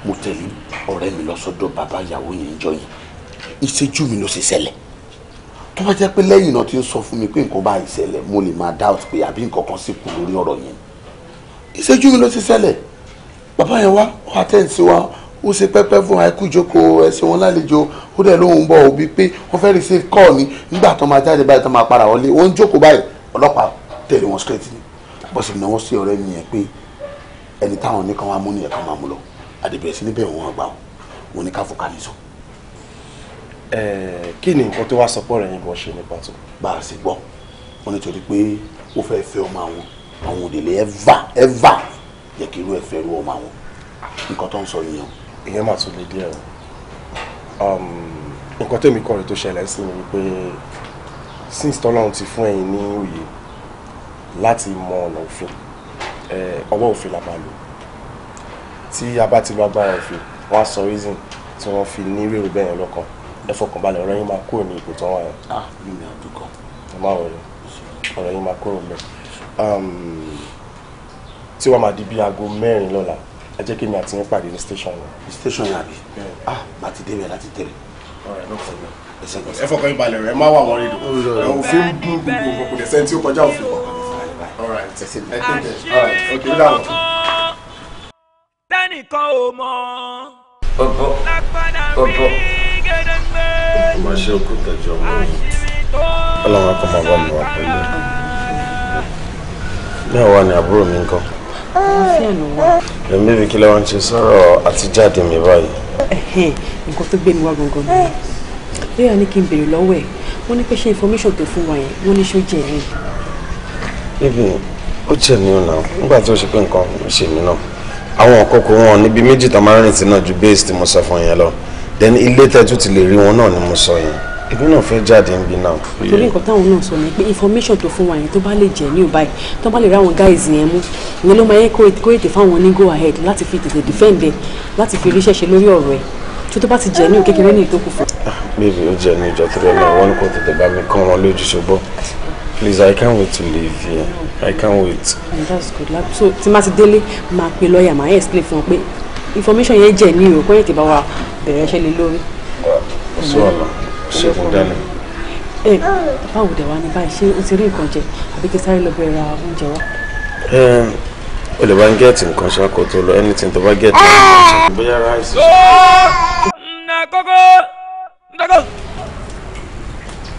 mo tẹ̀lé ọ̀rẹ́ mi lọ sọ́dọ̀ bàbá ìyàwó yẹn jọ yìí ìṣẹ́jú mi ló ṣe ṣẹlẹ̀ tó bá jẹ́ pé lẹ́yìn náà ti ń sọ fún mi pé nǹkan báyìí ṣẹlẹ̀ mo lè máa doubt pé àbí nǹkan kan sì kù lórí ọ̀rọ̀ yẹn ìṣẹ́jú mi ló ti ṣẹlẹ̀ bàbá yẹn wá ó attend sí wa ó ṣe pẹ́pẹ́ fún àìkú ìjókòó ẹ̀sìn wọn lálejò ó dẹ̀ lóun bọ̀ òbí pé wọ́n fẹ́ receive call ni nígbà tó máa jáde báyìí tó máa para wọlé ó ń jókòó báyìí ọlọ́pàá tẹ̀lé wọn straight ni bó sì náwó sí ọ̀rẹ́ mi yẹn pé ẹni táwọn oníkan wa mú nìyẹn kan máa mú lọ àdìbẹ̀rẹ̀ sí níbẹ̀ wọn gbà wọn ní káfọ́ kálí sùn Eh, kí ni nǹkan tó wá sọ pọ̀ rẹ̀ yín gan ṣe ní pàtó. bá a sì gbọ́ wọn nítorí pé ó fẹ́ fẹ́ ọmọ àwọn àwọn òdèlè ẹ̀fà ẹ̀fà yẹ kí irú ẹ̀ fẹ́ ru ọmọ àwọn nǹkan tó ń sọ yìí o. ìyẹn mà tún lè díẹ̀ o um, nǹkan tẹ̀mí kọ́ rẹ̀ tó ṣẹlẹ̀ sí mi wípé since tọ́lọ́run ti fún ẹ̀yin ní òye láti mọ ọ̀nà òfin eh, ọwọ́ òfin la máa lò tí a bá ti lo agbára òfin wọ́n á sọ reason tí wọ́n fi ní rèrò bẹ́ẹ̀ lọ́kàn ẹ fọkànbalẹ̀ ọ̀rọ̀ yín máa kúrò ní ipò tó wà yẹn. inú ah, mi á dùn gan. ẹ yín máa kúrò mẹ́. Um, tí wàá máa di bí aago mẹ́rin lọ́la ẹ jẹ́ kí mi àti yín pàdé ní station yẹn. ní station yẹn àbí ah màá ti débẹ̀ láti tẹ̀lé. ẹ fọkàn yín balẹ̀ rẹ̀ ẹ má wà wọ́n rí òfin ń dún gbogbo dẹ̀ sẹ́ni tí ó kọjá òfin kọ̀ọ̀kan.
tẹ́nìkan ò mọ̀ ọ́ lápá náà rí má ṣe òkú tẹ̀jọ́ mọ́
ọlọ́run akọ máa bá mi wà pẹ̀lú bẹ́ẹ̀ wà ní àbúrò mi ńkọ́. èmi bí kílẹ̀ wá ń ṣe sọ̀rọ̀ àti jáde mi báyìí. nǹkan tó gbé mi wá gangan nìyẹn lóyà ní kí n béèrè lọ́wọ́ ẹ̀ wọ́n ní pé ṣe information tó fún wa yẹn wọ́n ní ṣó jẹ́ ẹ̀rín. bíbí ó jẹ́ mi ò náà nígbà tí ó ṣe pé nǹkan ṣe mí náà àwọn ọ̀kọ́kọ́ wọn níbi méjì tó máa ń rìn sí náà ju base tí mo sọ fún yẹn lọ then ilé tẹ́tù ti lè rí wọn náà ni mo sọ yẹn èmi náà fẹ́ jáde ń bi náà. torí nǹkan táwọn náà sọ ni pé information tó fún wa yẹn tó bá lè jẹ́ ní ò báyìí tó bá lè ráwọn guys yẹn mú ìyẹn ló máa yẹ kó ètè fáwọn ní go ahead láti fi tètè defend ẹ láti fi ríṣẹ́ ṣe lórí ọ̀rọ̀ ẹ̀ tó tó bá ti jẹ́ ní òkékeré ní ìtókù fún. Ah, bébì ó jẹ ní ìjọ torí ọmọ wọn kò tètè bá mi kán wọn lójú ṣùgbọ́n please i can't wait to leave here i can't wait. that's good so tí má ti délé máa pe lọ́ọ̀yà máa explain fún ọ pé information yẹn jẹ mí o kó yẹn ti bá wa bẹ̀rẹ̀ iṣẹ́ lé lórí. sọ àbá ṣe fún dálẹ̀. ẹ báwo dẹ̀ wá ní báyìí ṣé o ti rí nǹkan jẹ
àbí kí sáré lọ bẹ̀rẹ̀ ra oúnjẹ wa.
ẹ o lè bá ń gẹ̀ẹ́tì nǹkan ṣáko tó lọ anything tó bá gẹ̀ẹ́tì nǹkan ṣáko bóyá ráìsì.
na kókó kókó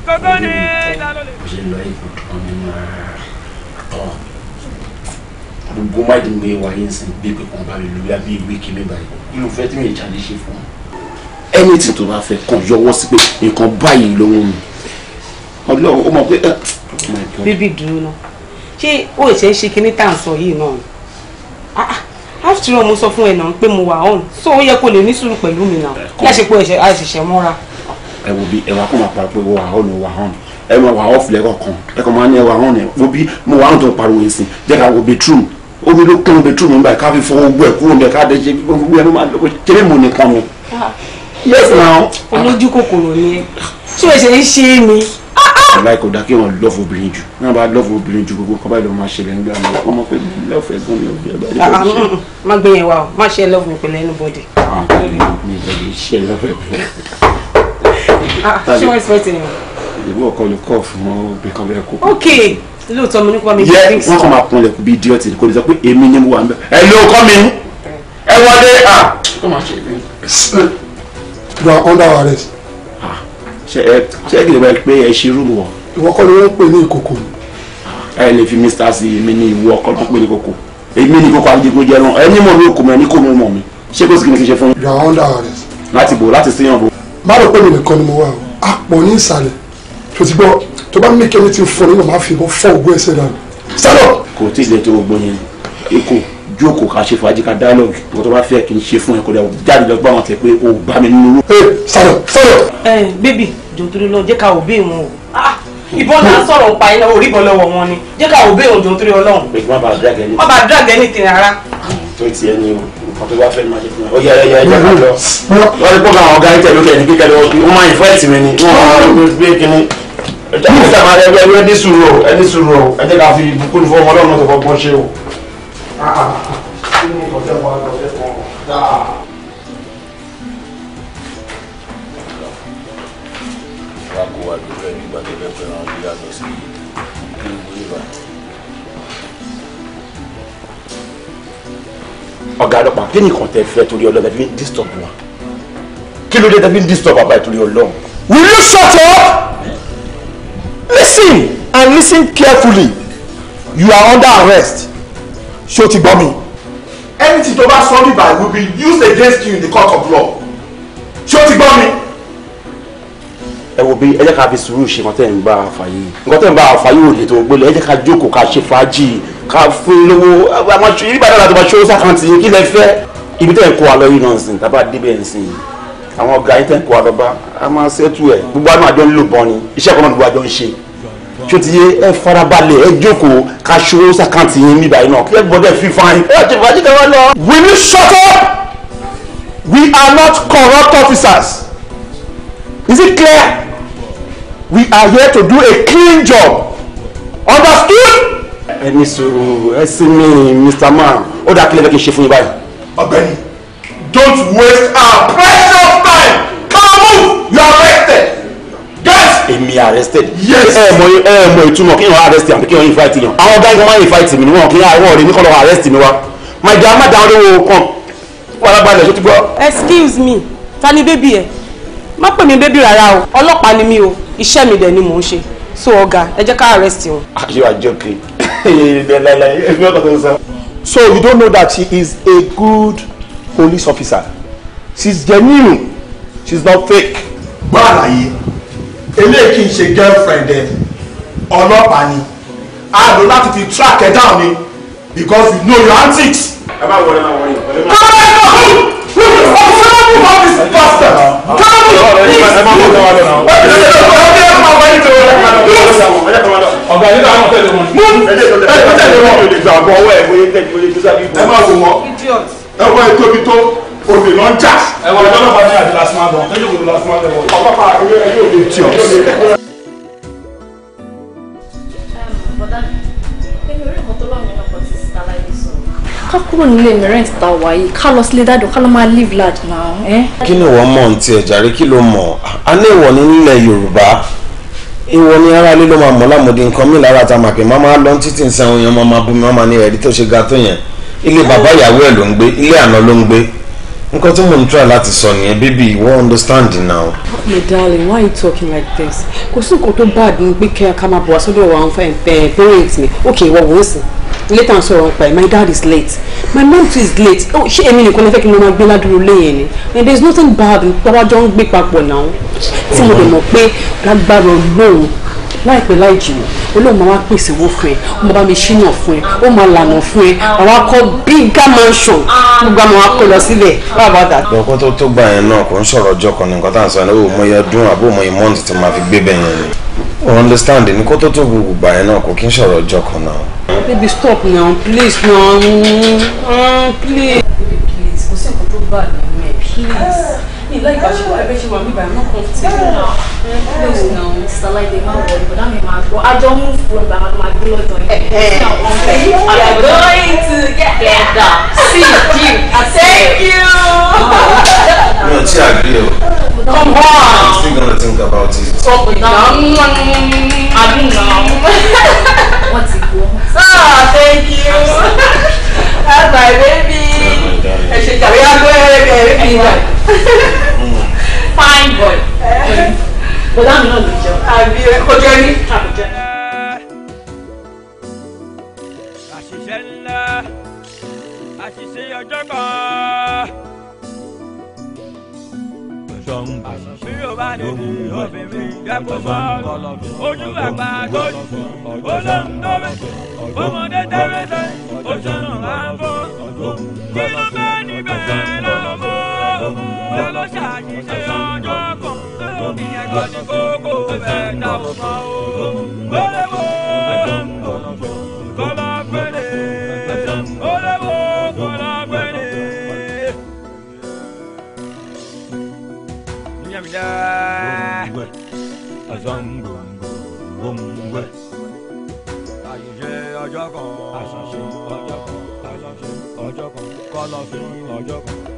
kókó ni. bó ṣe lọ ìbùdókòwò nínú ara àtọ̀ gbogbo májèmú yẹn wáyé nsìn bí pé kàn bá mi lórí àbí ìwé kìíní báyìí irú fẹ́ tí mi ìjà lè ṣe fún un. ẹnìtì tó bá fẹ́ kàn yọwọ́ sí pé nǹkan báyìí ló ń mi ọlọ́run ó mọ̀ pé. Eh, oh bíbí
dúró náà ṣé ó ṣe é ṣe kinní tá à ń sọ yìí náà ni ah, ah, after all mo
sọ fún ẹ náà pé mo wà ọ̀hún so ó yẹ kó lè ní sùúrù pẹ̀lú mi náà kí eh, a ṣe pé àṣìṣe mọ́ra. ẹ wo bí ẹwà kó máa pa pé wà ọ̀hún wà ọ̀hún ẹ máa wà ọ̀fìlẹ̀ kọ̀ọ̀kan ẹ kàn máa ní ẹwà ọ̀hún ẹ wo bí mo wà ọ̀hún tó ń pariwo yẹn sìn wo bí true omi ló kún bí túmù báyìí ká fọwọ́ gbọ́ ẹ̀ kúrò ní ká dé ṣe gbogbo ẹni máa lọ́kọ̀ tẹ́lẹ̀ mọ̀ nìkan ni. Ah. yes now. olójú kòkòrò ni
tí o ṣe ń ṣe é ni.
aláì ah, ah. kò dá kí wọn lọ́ọ̀fù obìnrin jù náà bá lọ́ọ̀fù obìnrin jù gbogbo kọ́ báyìí ló máa ṣẹlẹ̀ nígbà mi ọmọ pé lọ́ọ̀fù ẹ̀gbọ́n mi ò bí ẹgbẹ́ rẹ̀. má gbé yẹn wá o má ṣe lọ́ọ̀fù pẹ̀lú ẹnu bọ́dì. ṣé wọ́n ti fẹ́ tẹ̀lé wọn. ìbú ọkọ ló kọ́ fún okay lóòótọ́ mo ní kó bá mi gbé drinks. yẹ wọn kàn máa kun ilẹ̀kùn bí idiot kò ní sọ pé èmi ni mo wà níbẹ̀ ẹ ló kọ́ mi ẹ wọlé à. you are under arrest. ṣe ẹ ṣe kìlọ̀ bá pé ẹ ṣe rúùmù wọn. ìwọ kọ́ ni wọ́n ń pè ní ìkòkò. ẹ lè fi mr sí èmi ní ìwọ kọ́ tó pè ní kòkò èmi ní kòkò àjẹgbó jẹ náà ẹni mọ̀ mi ò kò mọ̀ ẹni kò mọ̀ mọ̀ mi ṣé kò sì kí ni kí n ṣe fún mi. you are under arrest. láti bò láti síyàn bò. má rò pé mi nìkan ni mo wà o àpọ̀ ní ìsàlẹ̀ tó tó bá mí kẹ́ni ti fọ nínú máa fi bọ́ fọ ògbó ẹsẹ̀ dànù sálọ. kò tí ì lè tó gbogbo yẹn èkó jókòó ká ṣe fàájì ká dialogue ìwọ tó bá fẹ́ kí n ṣe fún ẹ kó dẹ jáde lọ gbọ́ àwọn tẹ pé o gbá mi nínú. ẹ sálọ sálọ. ẹ bébì jòntúrú lọ jẹ́ ká òbí wọn o ah, ìbọn náà sọ̀rọ̀ pa iná orí bọ́ lọ́wọ́ wọn ni jẹ́ ká òbí wọn jòntúrú ọlọ́run. pé kí wọ́n bá drag ẹni.
wọ́n ara.
tó ti ẹni o nǹkan tó bá fẹ́ máa ṣe fún ẹ. ó mm-hmm ẹni sábà ẹgbẹ́ ẹgbẹ́ ẹni sùúrù ẹni sùúrù o ká fi ìbùkún fún ọmọ ọlọ́run tó kọ́kọ́ ṣe o. ọ̀gá ọlọ́pàá kí ni kàn tẹ́ fẹ́ torí ọlọ́run tàbí disturb wọn kí ló dé tàbí disturb bàbá ẹ̀ torí ọlọ́run. will you shut up listen and listen carefully you are under arrest ṣé o anything tó bá sọ bíbá will be used against you in the court of law ṣé o ti gbọ́ mi. ẹ wo bí ẹ jẹ́ ká fi sùúrù ṣe nǹkan tẹ́ ń bá a fà yìí nǹkan tẹ́ ń bá a fà yìí ò lè tó gbélé ẹ jẹ́ ká jókòó ká ṣe fàájì ká fún lówó àwọn ìbàdàn àti ìbàdàn ṣòwò sàkántì yìí kí lẹ fẹ́ ibi tẹ́ ń kó wa lọ yìí náà sìn tábà débẹ̀ ń sìn yìí àwọn ọ̀gá yín tẹ́ ń a máa ṣẹ́tù ẹ̀ gbogbo àwọn àjọ ń lò bọ́n ni iṣẹ́ kan náà gbogbo àjọ ń ṣe tó ti yé ẹ farabalẹ̀ ẹ jókòó ká ṣòro sàkáǹtì yín níbà yín náà kí ẹ gbọ́dọ̀ fi fain. ẹ ti fàájì kan lọ. will you shut up? we are not corrupt officers. is it clear? we are here to do a clean job. understood? ẹ ní sùúrù ẹ sinmi mr man ó dà kílẹ̀ bẹ́ẹ̀ kí n ṣe fún yín báyìí. ọ̀gbẹ́ni don't waste our precious you are arrested. yes. èmi arrested. yes. ẹ mọ ẹ mọ ìtumọ̀ kí n arrest àbí kí n invite yàn àwọn ọ̀gá ìgbọ́n máa invite mi ni wọn kì í àwọn ọ̀rẹ́ lọ́wọ́ arrest mi wa my dear má dáhùn lówó kan wọn alágbálẹ̀ tó ti gbọ́. excuse me ta ni bébì ẹ má pè mí bébì rárá o ọlọ́pàá ni mí o iṣẹ́ mi dẹ̀ ni mò ń ṣe so ọ̀gá ẹ jẹ́ ká arrest wọn. Ah, you are joking. so you don't know that she is a good police officer she is genuine she is not fake gbọ́ àlàyé eléyìí kì í ṣe girlfriend ẹ ọlọ́pàá ni a lò láti fi track ẹ down ni because you know your antics. ẹ má wọlé má wọlé. ẹ má wọlé who is responsible for this pastor?
Tell me please. ẹ má wọlé wọlé náà. ẹ má wọlé ẹ má
wọlé
tó wọlé. ọ̀gá yìí làwọn tẹ̀lé wọn.
mú ẹ tẹ̀lé wọn. ẹ má wò wọn. ẹ wọ ẹ tóbi tó òde lọ jà. ẹ wọ ọjọ́ lọ́pàá ní àti lásìmọ́ àbọ̀ lẹ́yìn òde lásìmọ́ àbẹ̀wò. ọlọ́pàá ilé ẹ̀yọ́ òde tí ọ. ká kúrò nílé mìíràn ta wà yìí ká lọ sílé dáàdọ̀ ká lọ máa live lad náà. Eh? kí ni ìwọ mọ̀ ntí ẹ jàre kí ló mọ̀ a ní ìwọ ní Yorùbá ìwọ ni ara lé ló máa mọ̀ lámòdì nǹkan mi lára ta màpé má máa lọ títí ń sẹ́wọ̀n yẹn má máa bú mi má máa ní ẹ̀rí tó ṣe ga tó yẹn ilé bàbá ìyàwó ẹ̀ ló ń gbé ilé àná ló ń gbé nǹkan tí mo ń try láti sọ nìyẹn baby you won't understand now. my darling why you talking like this kò sí nǹkan tó bad ní pé kẹ́ ká máa bọ̀ wá sọ́dọ̀ àwọn eh, eh, parents mi ok ìwọ wò ó sìn later on sọ̀rọ̀ pa my dad is late my mom too is late oh ṣé èmi nìkan lè fẹ́ kí mo máa gbé ládùúgbò lẹ́yìn ni and there is nothing bad nípa jọ ń gbé papọ̀ náà tí mo lè mọ̀ pé lágbára Ọlọ́run láìpẹ́ láì jìnnà olóòmọ wa pèsè owó fún ẹ ó bá mi ṣínà fún ẹ ó máa lànà fún ẹ àwọn akọ bíga mansion gbogbo àwọn akọ lọ sílẹ̀ wà dà. lọ́kọ́ tó tó gbà yẹn náà kò ń sọ̀rọ̀ ọjọ́ kan nìkan tá à ń sọ ẹ̀ ó mọ iye àbó mọ iye mọ́ǹtì máa fi gbé bẹ́ẹ̀ yẹn ni understand ni kó tó tó gbogbo gbà yẹn náà kò kí n sọ̀rọ̀ ọjọ́ kan náà. baby stop now please now mm,
mm please. kò sí nǹkan tó bá mi mẹ́ please me like how she everything want me but I'm not comfortable now. Please now,
Mr. Light, they might worry, but that may my go. I
don't move from that my blood on We are going together. See you. Thank you.
No, she agree. Oh.
Come on. I'm still
gonna think about it.
Stop it now. I do now. What's it called? Ah, thank you. That's my baby. Oh my darling. And she can we are going baby fine boy bọ̀dá mi náà ló jẹun àbí kò jẹ́ rí àbí jẹ́. àṣìṣe ńlá àṣìṣe ọjọ́ kan. Bí o bá lè di obìnrin dẹ́kun sọ́ọ̀lù, ojú àgbà tó jù, olóńdóbi, ọmọdé tẹ́lẹ̀ sẹ́yìn, oṣù náà máa ń fọ́. Kí ló bá níbẹ̀ náà? ṣé ló ṣàṣìṣe ọjọ́ kan lómi ẹ̀kọ́ ní kókó bẹ́ẹ̀ ta ò mọ o. ó léwo kọ́lá péré ó léwo kọ́lá péré. Àṣìṣe ọjọ́ kan, àṣìṣe ọjọ́ kan, àṣìṣe ọjọ́ kan, kọ́lọ́fín ọjọ́ kan.